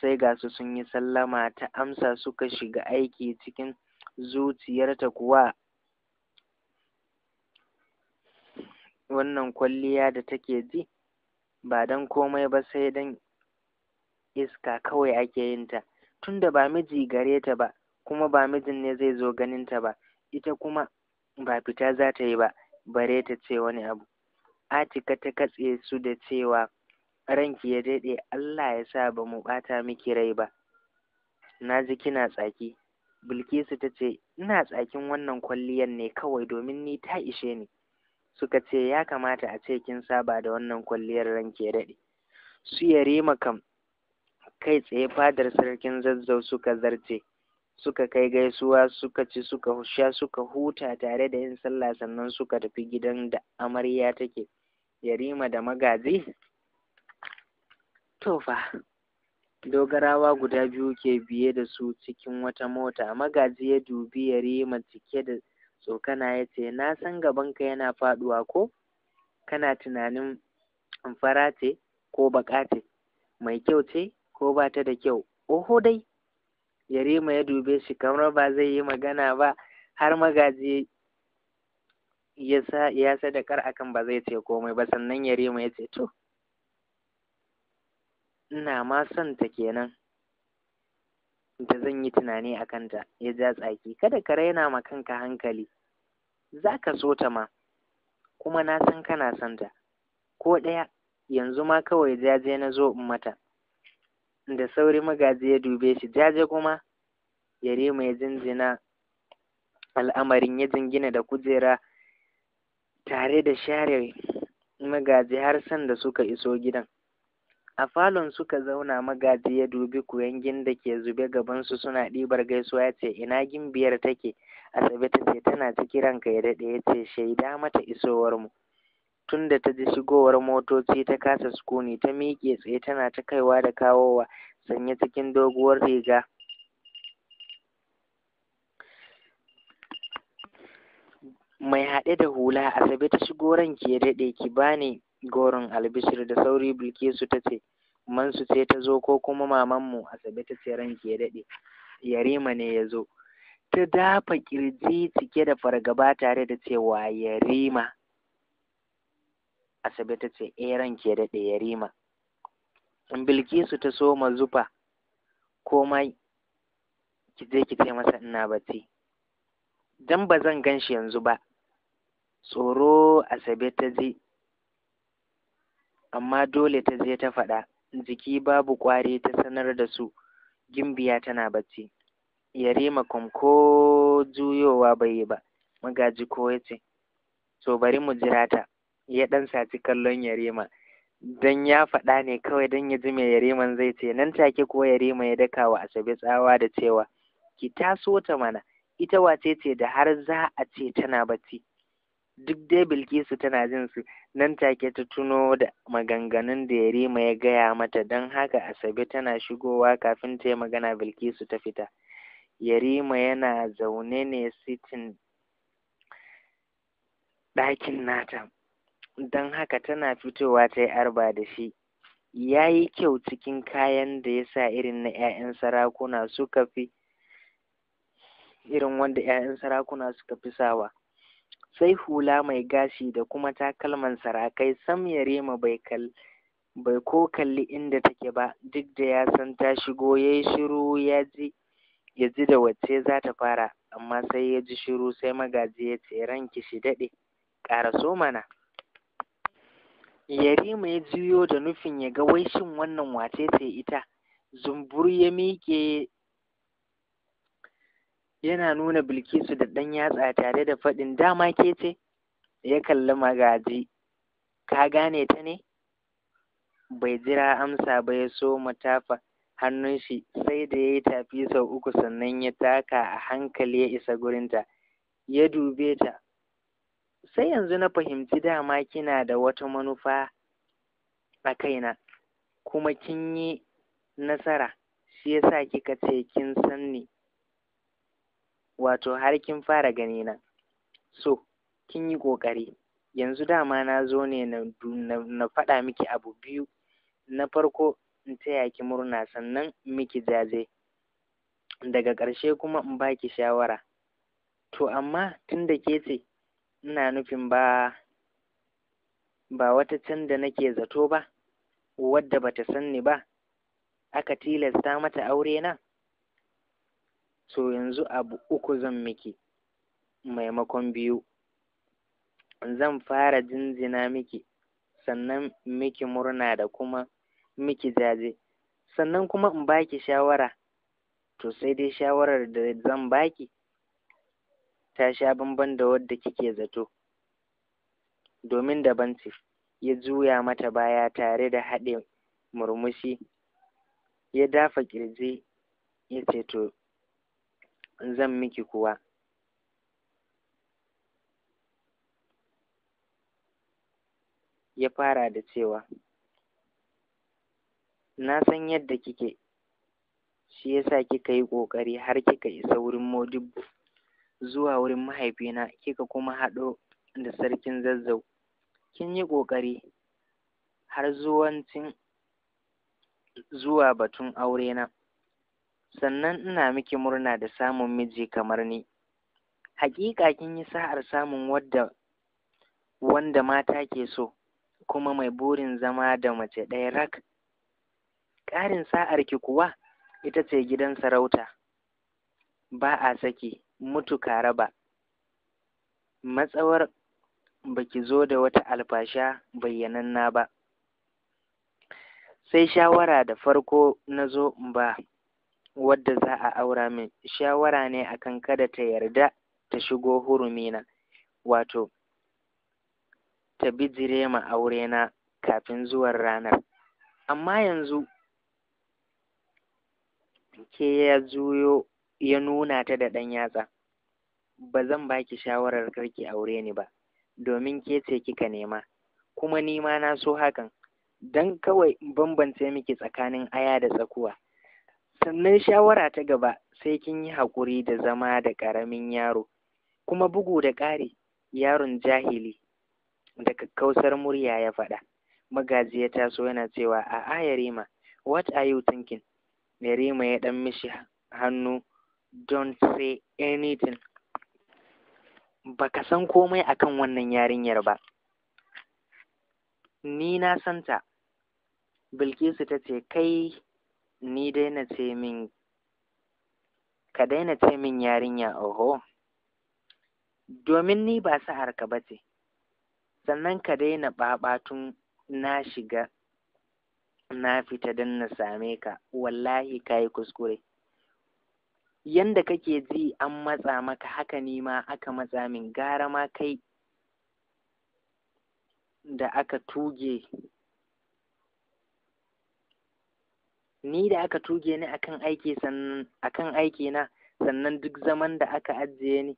sai ga su sun yi sallama ta amsa suka shiga aiki cikin zuciyarta kuwa wannan kwalliya da take ji ba don komai ba sai don iska kawai ake yin ta tunda ba miji gare ta ba kuma ba mijin ne zai zo ganin ta ba ita kuma ba fita za ta yi ba bare ta ce wani abu atika ta katse su da cewa ranki ya daɗe allah ya sa ba mu ɓata miki rai ba na ji kina tsaki bilkisu ta ce ina tsakin wannan kwalliyan ne kawai domin ni ta ishe ni suka ce ya kamata a ce kin saba da wannan kwalliyar ranki ya daɗe su yarima kam kai tsaye fadar sarkin zazzau suka zarce suka kai gaisuwa suka ci suka sha suka huta tare da yin sallah sannan suka tafi gidan da amarya take yarima da magaji fa. dogarawa guda biyu ke biye da su cikin wata mota magaji ya dubi yarima cike da tsokana ya ce na san gabanka yana faduwa ko kana tunanin fara ce ko baka ce mai kyau ce ko ba ta da kyau oho dai yarima ya dube shi kamar ba zai yi magana ba har magaji ya sa ya sadakar akan ba zai ce komai ba sannan yarima ya ce to ina ma son ta kenan da zan yi tunani a kanta ya ja tsaki kada ka raina ma kanka hankali za ka so ta ma kuma na san kana son ta ko ɗaya yanzu ma kawai jaje na zo in mata da sauri magaji ya dube shi jaje kuma yare mai jinjina al'amarin ya jingina da kujera tare da share magaji har sanda suka iso gidan a falon suka zauna magaji ya dubi kuyangin da ke zube gabansu suna ɗibar gaisuwa ya ce ina gimbiyar take asabe ta ce tana cikin ranka ya daɗe ya ce shaida mata isowarmu tunda ta ji shigowar motoci ta kasa sukuni ta miƙe tsaye tana ta kaiwa da kawowa sanye cikin doguwar riga mai haɗe da hula asabe ta shigo ran ya daɗe ki bani goron albishir da sauri bilkisu ta ce mansu ce ta zo ko kuma mamanmu asabe ta ce ran ya daɗe yarima ne ya zo ta dafa ƙirji cike da fargaba tare da cewa yarima Asabe ta ce, "E ranki ya daɗe Yarima." Bilkisu ta so ma zufa, komai ki je ki ce masa ina bacci. Dan ba zan gan shi yanzu ba, tsoro Asabe ta ji, amma dole ta je ta faɗa, jiki babu ƙwari ta sanar da su, gimbiya tana bacci. Yarima kom ko juyowa bai yi ba, magaji ko ya ce, to bari mu jira ta. ya ɗan saci kallon yarima don ya faɗa ne kawai don ya ji mai yariman zai ce nan take ko yarima ya daka wa asabe tsawa da cewa ki taso ta mana ita wace ce da har za a ce tana bacci duk dai bilkisu tana jin su nan take ta tuno da maganganun da yarima ya gaya mata don haka asabe tana shigowa kafin ta yi magana bilkisu ta fita yarima yana zaune ne sitin ɗakin nata don haka tana fitowa ta yi arba da shi ya yi kyau cikin kayan da ya sa irin na 'ya'yan sarakuna suka fi irin wanda 'ya'yan sarakuna suka fi sawa sai hula mai gashi da kuma takalman sarakai sam ya rema bai ko kalli inda take ba duk da ya san ta shigo ya yi shiru ya ji ya ji da wacce za ta fara amma sai ya ji shiru sai magaji ya ce ranki shi daɗe ƙara so mana Yarima ya juyo da nufin ya ga wai shin wannan wace ce ita, zumbur ya miƙe yana nuna Bilkisu da ɗan yatsa tare da faɗin dama ke ce, ya kalli magaji, ka gane ta ne? Bai jira amsa ba ya so tafa hannun shi sai da ya yi tafi sau uku sannan ya taka a hankali ya isa gurinta, ya dube ta sai yanzu na fahimci dama kina da wata manufa a kaina kuma kin yi nasara shi yasa kika ce kin san ni wato har kin fara gani na so kin yi ƙoƙari yanzu dama na zo ne na faɗa miki abu biyu na farko in taya ki murna sannan miki jaje daga ƙarshe kuma in baki shawara to amma tun da ke ce ina nufin ba ba wata can da nake zato ba wadda bata san ni ba aka tilasta mata aure na so yanzu abu uku zan miki maimakon biyu zan fara jinjina miki sannan miki murna da kuma miki jaje sannan kuma in baki shawara to sai dai shawarar da zan baki ta sha bamban da wadda kike zato domin da ce ya juya mata baya tare da haɗe murmushi ya dafa ƙirji ya ce to zan miki kuwa ya fara da cewa na san yadda kike shi yasa kika yi ƙoƙari har kika isa wurin modibbo zuwa wurin mahaifina kika kuma haɗo da sarkin zazzau kin yi ƙoƙari har zuwancin zuwa batun aurena sannan ina miki murna da samun miji kamar ni haƙiƙa kin yi sa'ar samun wadda wanda mata ke so kuma mai burin zama da mace ɗaya rak ƙarin ki kuwa ita ce gidan sarauta ba a saki mutu ka raba matsawar baki zo da wata alfasha bayyananna ba sai shawara da farko na zo ba wadda za a aura min shawara ne akan kada ta yarda ta shigo hurumina wato ta bijire ma aurena kafin zuwan ranar amma yanzu ke ya juyo ya nuna ta da ɗan yatsa ba zan ba ki shawarar karki aure ni ba domin ke ce kika nema kuma ni ma na so hakan don kawai bambance miki tsakanin aya da tsakuwa sannan shawara ta gaba sai kin yi haƙuri da zama da ƙaramin yaro kuma bugu da ƙari yaron jahili da kakkausar murya ya faɗa magaji ya taso yana cewa A'a, yarima what are you thinking yarima ya ɗan mishi hannu don't say anything baka san komai akan wannan yarinyar ba ni na santa bilkisu ta ce kai ni daina ce min ka daina ce min yarinya oho domin ni ba sa'ar ka ba ce sannan ka daina ɓaɓatun na shiga na fita don na same ka wallahi ka yi kuskure yanda kake ji an matsa maka haka ne ma aka matsa min gara ma kai da aka tuge ni da aka tuge ni akan aiki sannan akan aiki na sannan duk zaman da aka ajiye ni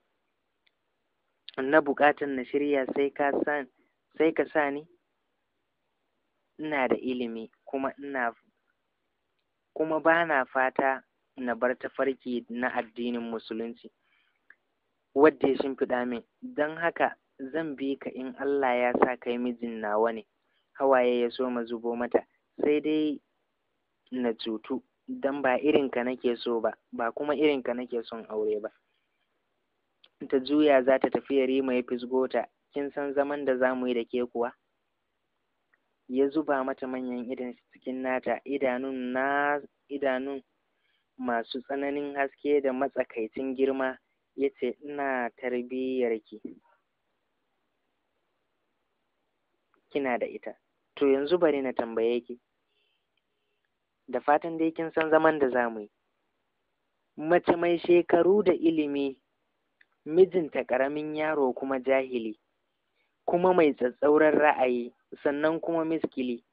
na bukatan na shirya sai ka sa sai ka sa ni ina da ilimi kuma ina kuma ba na fata na bar tafarki na addinin musulunci wadda ya shimfiɗa min don haka zan bi ka in Allah ya sa kai mijin nawa ne hawaye ya so ma zubo mata sai dai na cutu don ba irinka nake so ba ba kuma irinka nake son aure ba ta juya za ta tafi Yarima ya fisgota kin san zaman da za mu yi da ke kuwa ya zuba mata manyan idan cikin nata idanun na idanun masu tsananin haske da matsakaicin girma ya ce ina tarbiyyarki kina da ita to yanzu bari na tambaye ki da fatan dai kin san zaman da za mu yi mace mai shekaru da ilimi mijinta ƙaramin yaro kuma jahili kuma mai tsatsauran ra'ayi sannan kuma miskili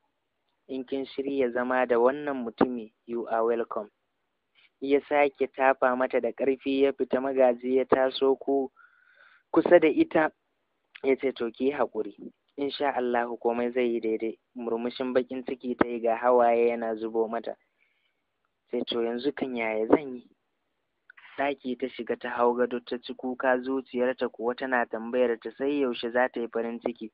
in kin shirya zama da wannan mutumi you are welcome ya sake tafa mata da ƙarfi ya fita magaji ya taso ku kusa da ita ya ce to ki haƙuri sha Allah komai zai yi daidai murmushin bakin ciki ta yi ga hawaye yana zubo mata sai to yanzu kan yaya zan yi ɗaki ta shiga ta hau gado ta ci kuka zuciyarta kuwa tana tambayar ta sai yaushe za ta yi farin ciki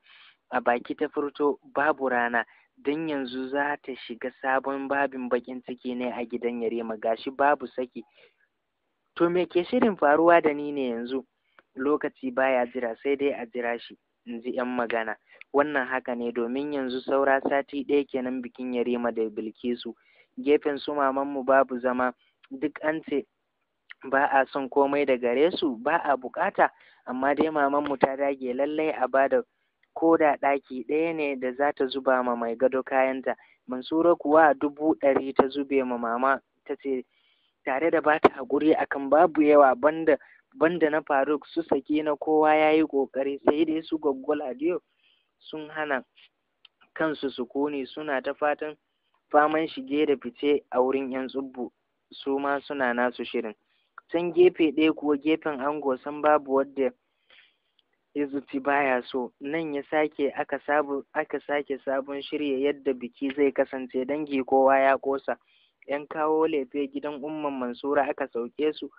a baki ta furto babu rana don yanzu za ta shiga sabon babin bakin ciki ne a gidan yarima gashi babu saki to me ke shirin faruwa da ni ne yanzu lokaci baya jira sai dai a jira shi in ji 'yan magana wannan haka ne domin yanzu saura sati ɗaya kenan bikin yarima da bilkisu gefen su mamanmu babu zama duk an ce ba a son komai da gare su ba a bukata amma dai mamanmu ta dage lallai a bada ko da ɗaki ɗaya ne da za ta zuba ma mai gado kayanta mansura kuwa dubu ɗari ta zube ma mama ta ce tare da ba ta haƙuri akan babu yawa banda na faruk su saki na kowa ya yi ƙoƙari sai dai su gwaggwaladiyo sun hana kansu sukuni suna ta fatan faman shige da fice a wurin yan tsubbu su ma suna nasu shirin can gefe ɗaya kuwa gefen ango san babu wadda ya zuci baya so nan ya sake aka sabu aka sake sabon shirya yadda biki zai kasance dangi kowa ya kosa yan kawo lefe gidan umman mansura aka sauke su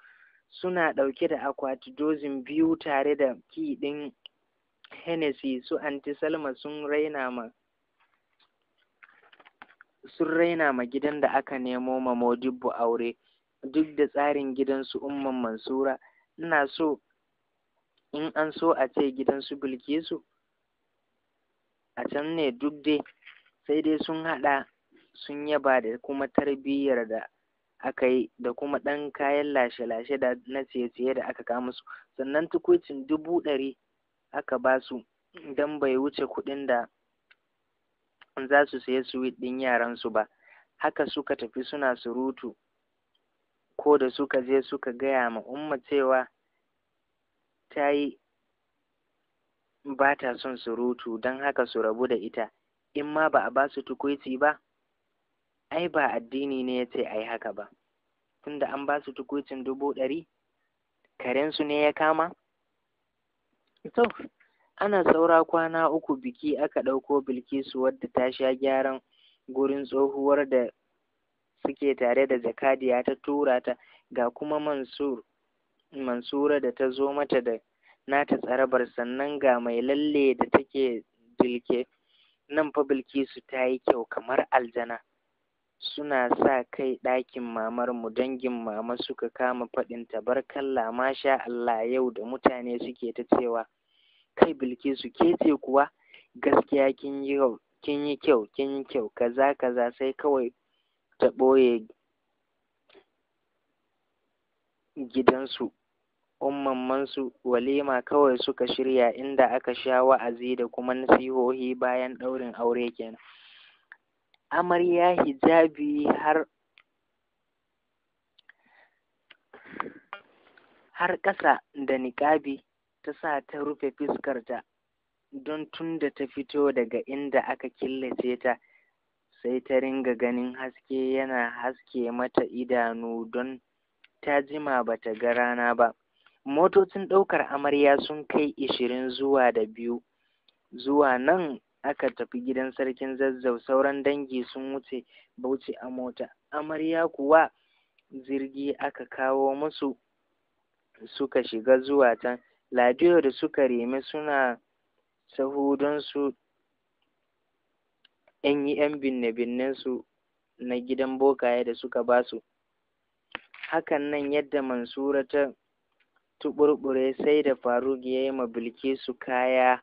suna ɗauke da akwati dozin biyu tare da ki ɗin hennessy su anti salma sun raina ma sun raina ma gidan da aka nemo ma modibbo aure duk da tsarin gidansu umman mansura ina so in an so a ce gidan su bilkisu a can ne duk dai sai dai sun haɗa sun yaba da kuma tarbiyyar da aka yi da kuma ɗan kayan lashe-lashe da na ciye-ciye da aka kama su sannan tukucin dubu ɗari aka ba su don bai wuce kuɗin da za su sayi suwit ɗin yaransu ba haka suka tafi suna surutu ko da suka je suka gaya ma umma cewa ta yi ba ta son surutu don haka su rabu da ita in ma ba a ba su tukuici ba ai ba addini ne ya ce ai haka ba tunda an ba su tukuicin dubu ɗari karensu ne ya kama to ana saura kwana uku biki aka ɗauko bilkisu wadda ta sha gyaran gurin tsohuwar da suke tare da jakadiya ta tura ta ga kuma mansur mansura da ta zo mata da nata tsarabar sannan ga mai lalle da take bilke nan fa bilkisu ta yi kyau kamar aljana suna sa kai ɗakin mamarmu dangin mama suka kama faɗin tabarkalla masha Allah yau da mutane suke ta cewa kai bilkisu ke ce kuwa gaskiya kin kin yi kyau kin yi kyau kaza kaza sai kawai ta ɓoye gidansu ummansu walima kawai suka shirya inda aka sha wa'azi da kuma nasihohi bayan ɗaurin aure kenan amarya hijabi har har ƙasa da niƙabi ta sa ta rufe fuskarta don tunda ta fito daga inda aka killace ta sai ta ringa ganin haske yana haske mata idanu don ta jima bata ga rana ba motocin ɗaukar amarya sun kai ishirin zuwa da biyu zuwa nan aka tafi gidan sarkin zazzau sauran dangi sun wuce bauchi a mota amarya kuwa jirgi aka kawo musu suka shiga zuwa can ladiyo da suka remi suna sahu don su ‘yan yi ‘yan binne-binnensu na gidan bokaye da suka basu. Hakan nan yadda Mansura ta tuɓurɓure sai da faruk ya yi ma bilkisu kaya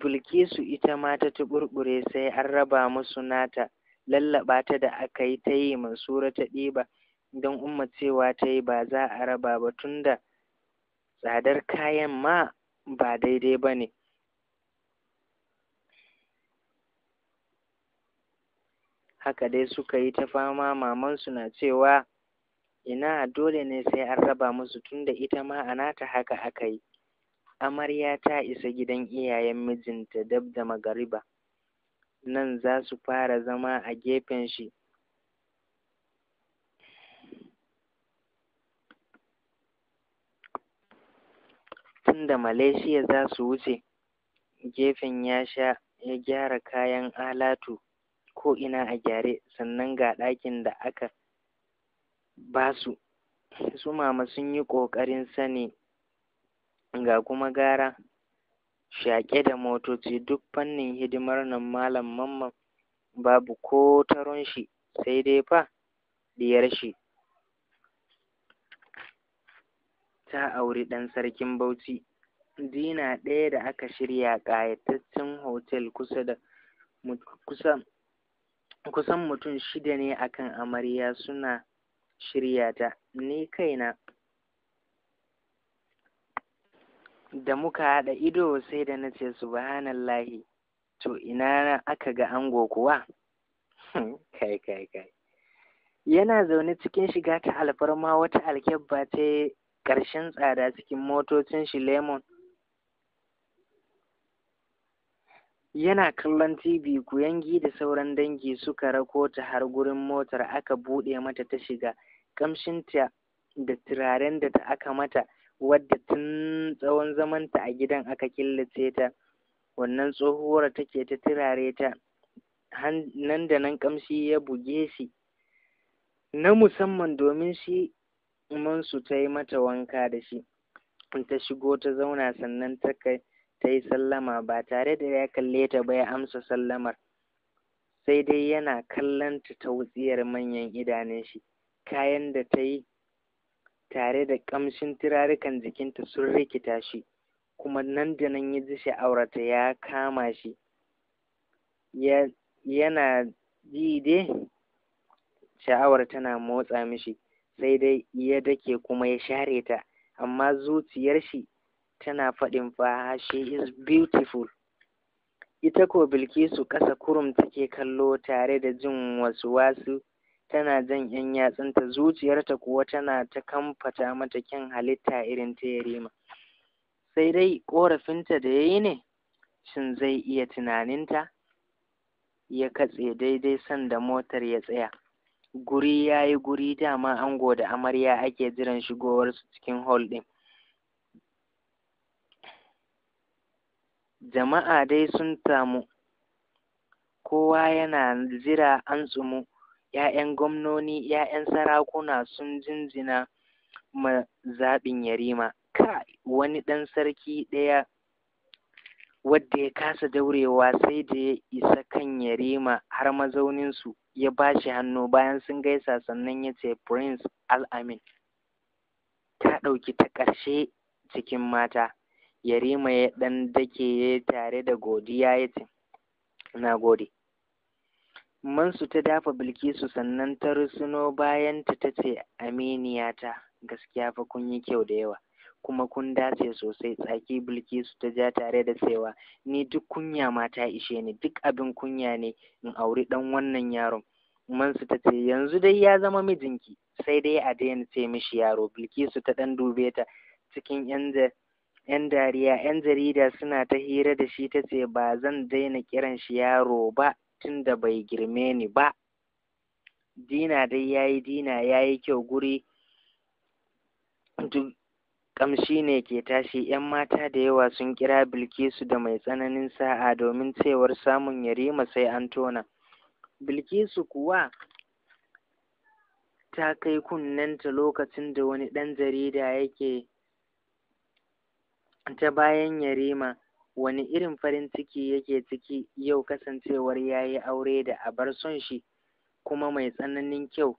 bilkisu ita ma ta tuɓurɓure sai an raba musu nata lallaɓa ta da aka yi ta yi mansura ta ɗiba don umma cewa ta yi ba za a raba ba tun da tsadar kayan ma ba daidai ba ne haka dai suka yi ta fama mamansu na cewa ina dole ne sai an raba musu tunda ita ma a nata haka aka yi amarya ta isa gidan iyayen mijinta dab da magariba nan za su fara zama a gefen shi tunda malaysia za su wuce gefen ya sha ya gyara kayan alatu ko ina a gyare sannan ga ɗakin da aka basu su mama sun yi ƙoƙarin sani ga kuma gara shaƙe da motoci duk fannin hidimar nan malam mamman babu ko taron shi sai dai fa diyar shi ta auri ɗan sarkin Bauchi. Dina ɗaya da aka shirya ƙayataccen hotel kusa da kusan kusan mutum shida ne akan amarya suna shirya ta ni kaina da muka haɗa ido sai da na ce subhanallahi to ina aka ga ango kuwa kai kai kai yana zaune cikin shiga ta alfarma wata alkebba ta ƙarshen tsada cikin motocin shi lemon yana kallon tv ku kuyangi da sauran dangi suka rako ta har gurin motar aka buɗe mata ta shiga Ƙamshinta da turaren da ta aka mata wadda tun tsawon zamanta a gidan aka killace ta wannan tsohuwar take ta turare ta nan da nan kamshi ya buge shi na musamman domin shi mansu ta yi mata wanka da shi ta shigo ta zauna sannan ta yi sallama ba tare da ya kalle ta ba ya amsa sallamar sai dai yana kallon ta ta wutsiyar manyan idanun shi kayan da ta yi tare da ƙamshin turarukan jikinta sun rikita shi kuma nan da nan ya ji sha'awarta ya kama shi ya yana ji dai sha'awar tana motsa mishi sai dai ya dake kuma ya share ta amma zuciyar shi tana faɗin fa she is beautiful ita ko bilkisu ƙasa kurum take kallo tare da jin wasu wasu tana jan ƴan yatsunta zuciyarta kuwa tana ta kamfata mata kyan halitta irin ta yarima sai dai ƙorafinta da ya yi ne shin zai iya tunaninta ya katse daidai sanda motar ya tsaya guri ya yi guri dama ango da amarya ake jiran shigowarsu cikin hall ɗin jama'a dai sun samu. kowa yana jira an tsumu ‘ya'yan gwamnoni ‘ya'yan sarakuna sun jinjina ma zaɓin yarima kai wani ɗan sarki ɗaya wadda ya kasa daurewa sai da ya isa kan yarima har mazauninsu ya ba shi hannu bayan sun gaisa sannan ya ce prince al'amin ta ɗauki ta ƙarshe cikin mata yarima ya ɗan dake ya tare da godiya ya ce na gode Mansu ta dafa Bilkisu sannan ta rusuno bayanta ta ce, Aminiyata, gaskiya fa kun yi kyau da yawa, kuma kun dace sosai tsaki Bilkisu ta ja tare da cewa, Ni duk kunya ma ta ishe ni, duk abin kunya ne in auri ɗan wannan yaron. Mansu ta ce, Yanzu dai ya zama mijinki, sai dai a daina ce mishi yaro. Bilkisu ta ɗan dube ta cikin ‘yan ‘yan dariya, ‘yan jarida suna ta hira da shi ta ce, Ba zan daina kiran shi yaro ba. tun da bai girme ni ba dina dai yayi dina yayi kyau guri duk ƙamshi ne ke tashi ‘yan mata da yawa sun kira bilkisu da mai tsananin sa'a domin cewar samun yarima sai an tona bilkisu kuwa ta kai kunnenta lokacin da wani ɗan jarida yake ta bayan yarima wani irin farin ciki yake ciki yau kasancewar ya yi aure da abar son shi kuma mai tsananin kyau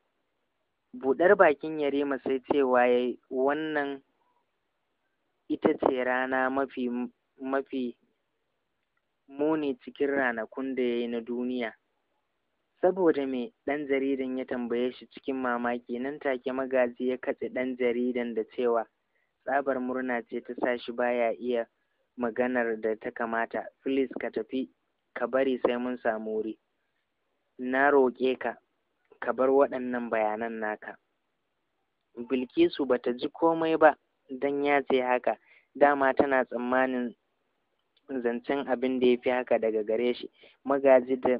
buɗar bakin yarima sai cewa ya wannan ita ce rana mafi mafi muni cikin ranakun da ya yi na duniya saboda me ɗan jaridan ya tambaye shi cikin mamaki nan take magaji ya katse ɗan jaridan da cewa tsabar murna ce ta sa shi baya iya maganar da ta kamata please ka tafi ka bari sai mun samu wuri na roƙe ka ka bar waɗannan bayanan naka bilkisu bata ji komai ba don ya ce haka dama tana tsammanin zancen abin da ya fi haka daga gare shi magaji da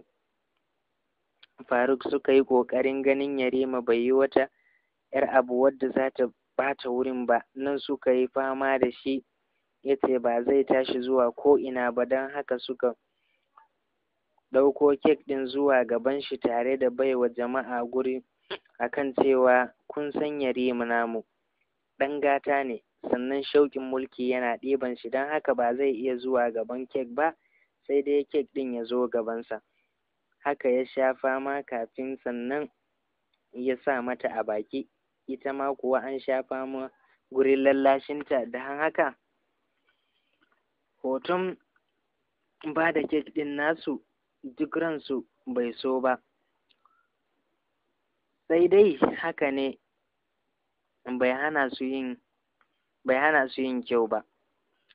faruk suka yi ƙoƙarin ganin yarima bai yi wata 'yar abu wadda za ta ɓata wurin ba nan suka yi fama da shi ya ce ba zai tashi zuwa ko ina ba don haka suka ɗauko kek ɗin zuwa gaban shi tare da baiwa jama'a guri kan cewa kun san yarima namu ɗan gata ne sannan shauƙin mulki yana ɗiban shi don haka ba zai iya zuwa gaban kek ba sai dai kek ɗin ya zo gabansa haka ya sha fama kafin sannan ya sa mata a baki ita ma kuwa an sha fama gurin lallashinta don haka hoton ba da kek ɗin nasu duk ransu bai so ba sai dai haka ne bai hana su yin bai hana su yin kyau ba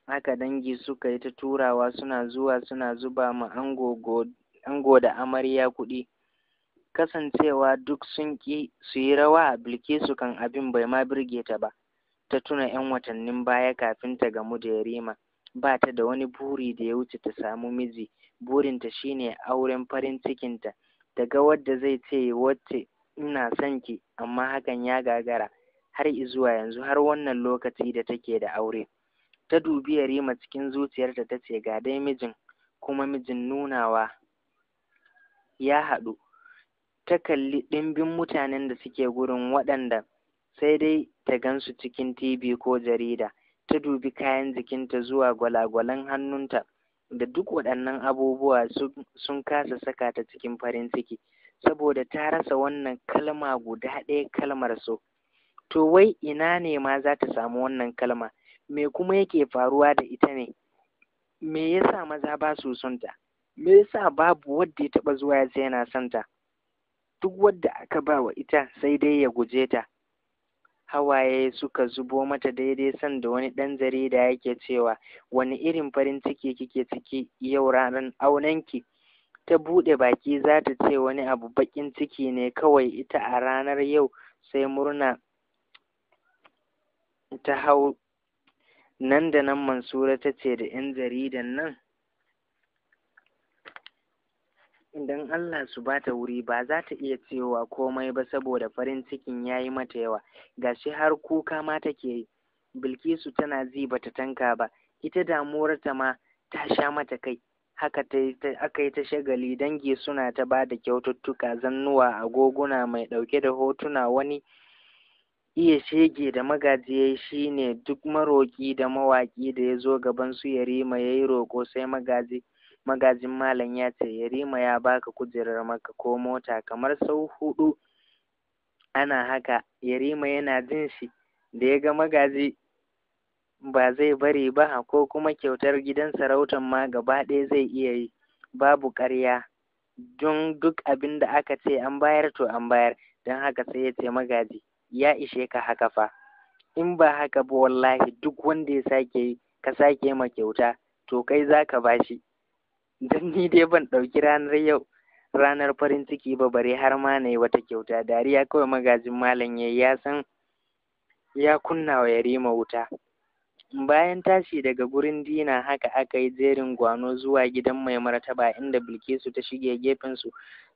haka dangi suka yi ta turawa suna zuwa suna zuba ma ango da amarya kuɗi kasancewa duk sun ƙi su yi rawa bilkisu kan abin bai ma birge ta ba ta tuna 'yan watannin baya kafin ta gamu da yarima ba ta da wani buri da ya wuce ta samu miji burinta shine auren farin cikinta ta ga wadda zai ce wacce ina son ki amma hakan ya gagara har izuwa yanzu har wannan lokaci da take da aure ta dubi yarima cikin zuciyarta ta ce ga dai mijin kuma mijin nunawa ya haɗu ta kalli ɗimbin mutanen da suke gurin waɗanda sai dai ta gansu cikin TV ko jarida ta dubi kayan jikinta zuwa gwalagwalan hannunta da duk waɗannan abubuwa sun kasa saka ta cikin farin ciki saboda ta rasa wannan kalma guda ɗaya kalmar so to wai ina ne ma za ta samu wannan kalma me kuma yake faruwa da ita ne me yasa maza ba su sonta? Me me yasa babu wanda ya taɓa zuwa ya ce yana sonta? duk wadda aka ba wa ita sai dai ya guje ta hawaye suka zubo mata daidai sanda wani ɗan jarida yake cewa wani irin farin ciki kike ciki yau ranar aunanki. ta buɗe baki za ta ce wani abu baƙin ciki ne kawai ita a ranar yau sai murna ta hau nan da nan mansura ta ce da 'yan jaridan nan Idan Allah su ba ta wuri ba za ta iya cewa komai ba saboda farin cikin ya yi mata yawa, Ga shi har kuka ma take yi. Bilkisu tana ji ba ta tanka ba, ita damuwarta ma ta sha mata kai. Haka ta aka yi ta shagali dangi suna ta ba da kyaututtuka zannuwa agoguna mai ɗauke da hotuna wani iya shege da magajiya shi ne duk maroƙi da mawaƙi da ya zo gaban su yarima ya yi roƙo sai magaji magajin malam ya ce yarima ya baka kujerar maka ko mota kamar sau hudu ana haka yarima yana jin shi da ya ga magaji ba zai bari ba ko kuma kyautar gidan sarautar ma gaba ɗaya zai iya yi babu ƙarya don duk abin da aka ce an bayar to an bayar don haka sai ya ce magaji ya ishe ka haka fa in ba haka ba wallahi duk wanda ya sake ka sake ma kyauta to kai za ka bashi don ni dai ban ɗauki ranar yau ranar farin ciki ba bare har ma na yi wata kyauta dariya kawai magajin malam ya ya san ya kunna wa yarima wuta bayan tashi daga gurin dina haka aka yi jerin gwano zuwa gidan mai martaba inda bilkisu ta shige gefensu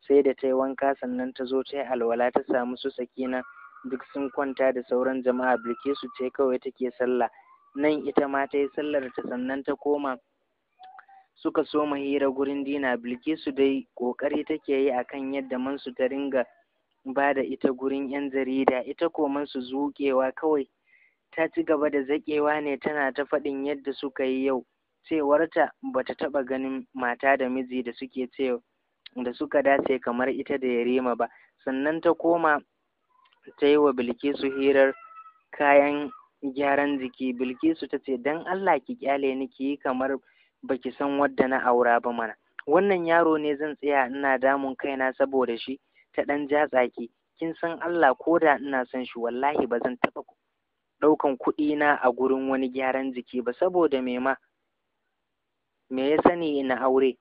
sai da ta yi wanka sannan ta zo ta yi alwala ta samu su sakina duk sun kwanta da sauran jama'a bilkisu ce kawai take sallah nan ita ma ta yi sallar ta sannan ta koma suka soma hira gurin dina bilkisu dai ƙoƙari take yi akan yadda man su ta ringa ba da ita gurin yan jarida ita ko su zuƙewa kawai ta ci gaba da zaƙewa ne tana ta faɗin yadda suka yi yau cewarta ta taɓa ganin mata da miji da suke ce da suka dace kamar ita da yarima ba sannan ta koma ta yi wa bilkisu hirar kayan gyaran jiki bilkisu ta ce don allah ki kyale ni ki yi kamar baki san wadda na aura ba mana wannan yaro ne zan tsaya ina damun kaina saboda shi ta ɗan jatsaki kin san Allah ko da ina son shi wallahi ba zan taɓa ɗaukan na a gurin wani gyaran jiki ba saboda me ma me ya sani ina aure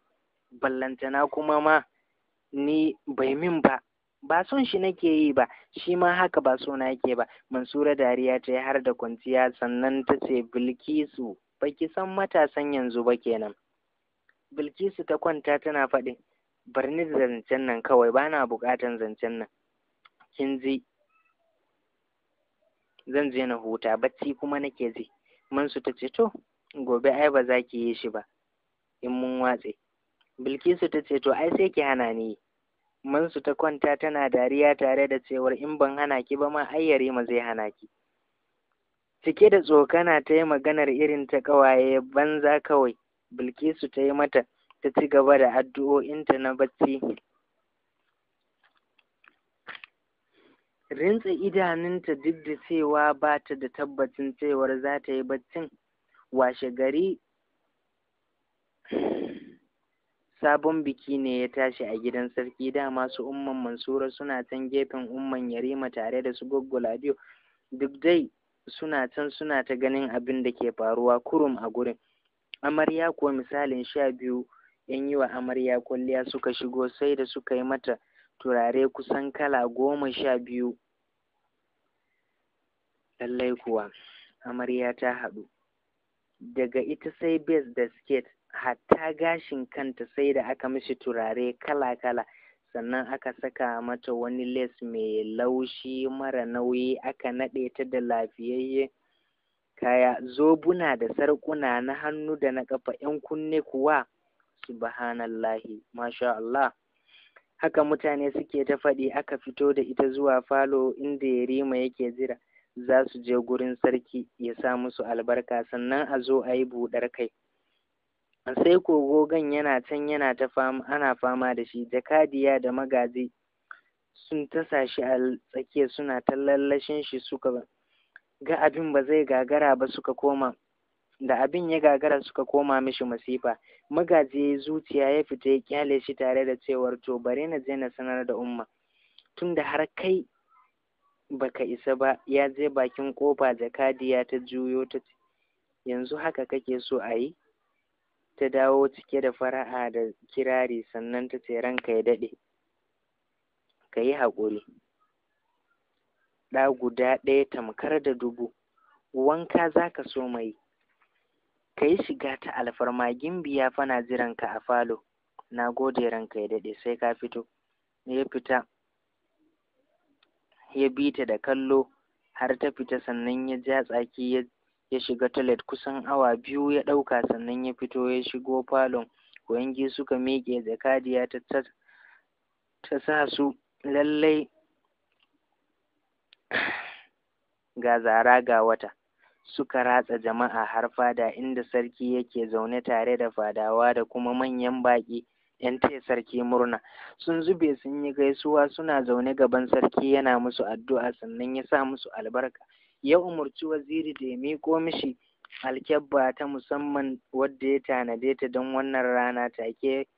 ballantana kuma ma ni bai min ba ba son shi nake yi ba shi ma haka ba so yake ba mansura dariya ta har da kwanciya sannan ta ce bilkisu baki san matasan yanzu ba kenan bilkisu ta kwanta tana faɗin bar da zancen nan kawai ba na buƙatan zancen nan kin ji zan je na huta bacci kuma nake ji mansu ta ce to gobe ai ba za ki yi shi ba in mun watse bilkisu ta ce to ai sai ki hana ni mansu ta kwanta tana dariya tare da cewar in ban hana ki ba ma ai yarima zai hana ki cike da tsokana ta yi maganar irin ta ƙawaye banza kawai bilkisu ta yi mata ta ci gaba da addu'o'inta na bacci rintsa idanunta duk da cewa ba ta da tabbacin cewar za ta yi baccin washe gari sabon biki ne ya tashi a gidan sarki dama su umman mansura suna can gefen umman yarima tare da su goggula biyu duk dai suna can suna ta ganin abin da ke faruwa kurum a gurin amarya kuwa misalin sha biyu yan yi wa amarya kwalliya suka shigo sai da suka yi mata turare kusan kala goma sha biyu lallai kuwa amarya ta haɗu daga ita sai bes da siket hatta gashin kanta sai da aka mishi turare kala kala sannan aka saka mata wani les mai laushi mara nauyi aka naɗe ta da lafiyayye kaya zobuna da sarƙuna na hannu da na ƙafa ƴan kunne kuwa subhanallahi masha Allah haka mutane suke ta faɗi aka fito da ita zuwa falo inda yarima yake jira za su je gurin sarki ya sa musu albarka sannan a zo a yi buɗar kai sai kogogon yana can yana ta fama ana fama da shi jakadiya da magaji sun tasa shi a tsakiya suna ta lallashin shi suka ga abin ba zai gagara ba suka koma da abin ya gagara suka koma mishi masifa magaji zuciya ya fita ya kyale shi tare da cewar to bare na je na sanar da umma tunda har kai baka isa ba ya je bakin kofa jakadiya ta juyo ta yanzu haka kake so a yi ta dawo cike da fara'a da kirari sannan ta ce ranka ya daɗe ka yi haƙuri ɗa guda ɗaya tamkar da dubu wanka za ka so mai ka yi shiga ta alfarma gimbiya fana jiranka a falo na gode ranka ya daɗe sai ka fito ya fita ya bi ta da kallo har ta fita sannan ya ja tsaki ya ya shiga toilet kusan awa biyu ya ɗauka sannan ya fito ya shigo falon kuyangi suka miƙe jakadiya ta ta sa su lallai ga zara ga wata suka ratsa jama'a har fada inda sarki yake zaune tare da fadawa da kuma manyan baƙi ‘yan taya sarki murna sun zube sun yi gaisuwa suna zaune gaban sarki yana musu addu'a sannan ya sa musu albarka ya umarci waziri da ya miƙo mishi alkyabba ta musamman wadda ya tanade ta don wannan rana take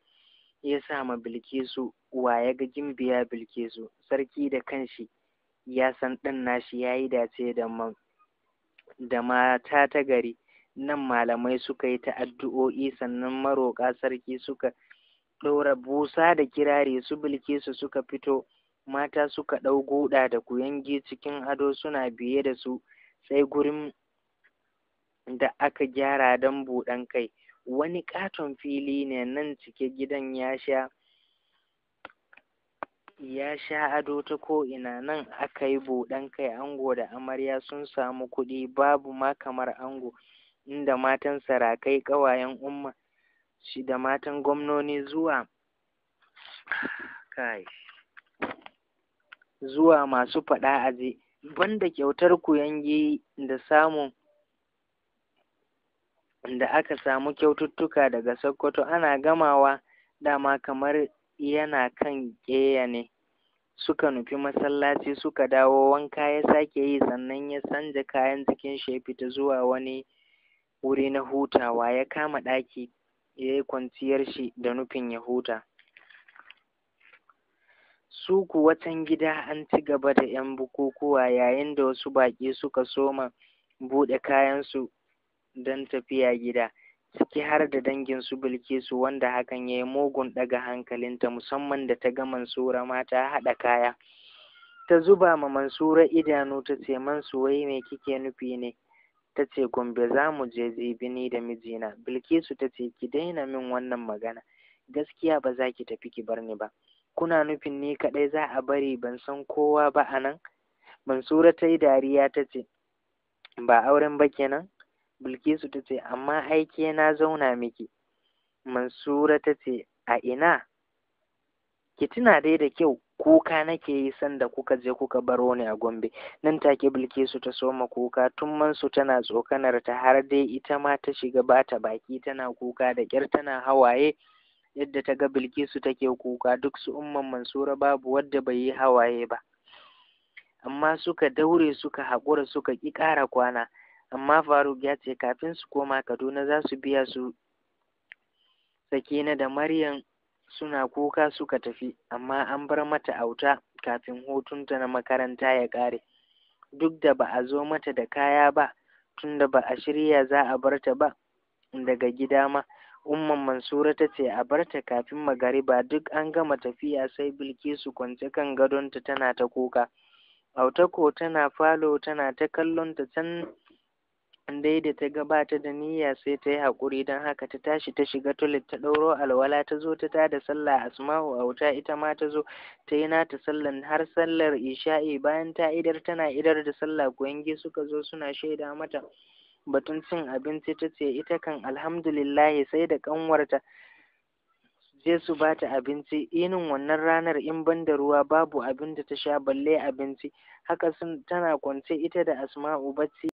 ya sa ma bilkisu wa ya ga gimbiya bilkisu sarki da kanshi ya san ɗan nashi ya yi dace da mata ta gari nan malamai suka yi ta addu'o'i sannan maroƙa sarki suka ɗora busa da kirari su bilkisu suka fito mata suka ɗau goɗa da kuyangi cikin ado suna biye da su sai gurin da aka gyara don buɗan kai wani ƙaton fili ne nan cike gidan ya sha ya sha ado ta ko'ina nan aka yi buɗan kai ango da amarya sun samu kuɗi babu ma kamar ango inda matan sarakai ƙawayen umma shi da matan gwamnoni zuwa kai zuwa masu faɗa a ji banda kyautar kuyangi da samun da aka samu kyaututtuka daga Sokoto ana gamawa dama kamar yana kan ƙeya ne suka nufi masallaci suka dawo wanka ya sake yi sannan ya sanja kayan jikin shi ya fita zuwa wani wuri na hutawa ya kama ɗaki ya yi kwanciyar shi da nufin ya huta Su ku watan gida an ci gaba da ‘yan bukukuwa yayin da wasu baƙi suka soma buɗe kayansu don tafiya gida, ciki har da dangin su Bilkisu wanda hakan ya yi mugun ɗaga hankalinta musamman da ta ga Mansura ma ta haɗa kaya. Ta zuba ma Mansura idanu ta ce Mansu wai me kike nufi ne? Ta ce Gombe za mu je zibini da mijina. Bilkisu ta ce ki daina min wannan magana, gaskiya ba za ki tafi ki bar ni ba. kuna nufin ni kaɗai za a bari ban san kowa ba a nan mansura ta yi dariya ta ce ba auren ba kenan bilkisu ta ce amma aike na zauna miki mansura ta ce a ina ki tuna dai da kyau kuka nake yi sanda kuka je kuka baro ni a gombe nan take bilkisu ta soma kuka tun mansu tana tsokanar ta har dai ita ma ta shiga bata baki tana kuka da kyar tana hawaye yadda ta ga Bilkisu take kuka duk su umman Mansura babu wadda bai yi hawaye ba amma suka daure suka haƙura suka ƙi ƙara kwana amma Faruk ya ce kafin su koma Kaduna za su biya su Sakina da Maryam suna kuka suka tafi amma an bar mata auta kafin hutunta na makaranta ya ƙare duk da ba a zo mata da kaya ba tunda ba a shirya za a bar ta ba daga gida ma Umman Mansura ta ce a barta kafin magariba duk an gama tafiya sai Bilkisu kwance kan gadonta tana ta kuka. Autako tana falo tana ta kallon ta can dai da ta gabata da niyya sai ta yi haƙuri don haka ta tashi ta shiga tulit ta ɗauro alwala ta zo ta tada sallah asma'u auta ita ma ta zo ta yi nata sallan har sallar isha'i bayan ta idar tana idar da sallah kuyangi suka zo suna shaida mata batun cin abinci ta ce ita kan alhamdulillahi sai da ƙanwarta je su ba ta abinci inin wannan ranar in ban da ruwa babu abin da ta sha balle abinci haka sun tana kwance ita da asma'u bacci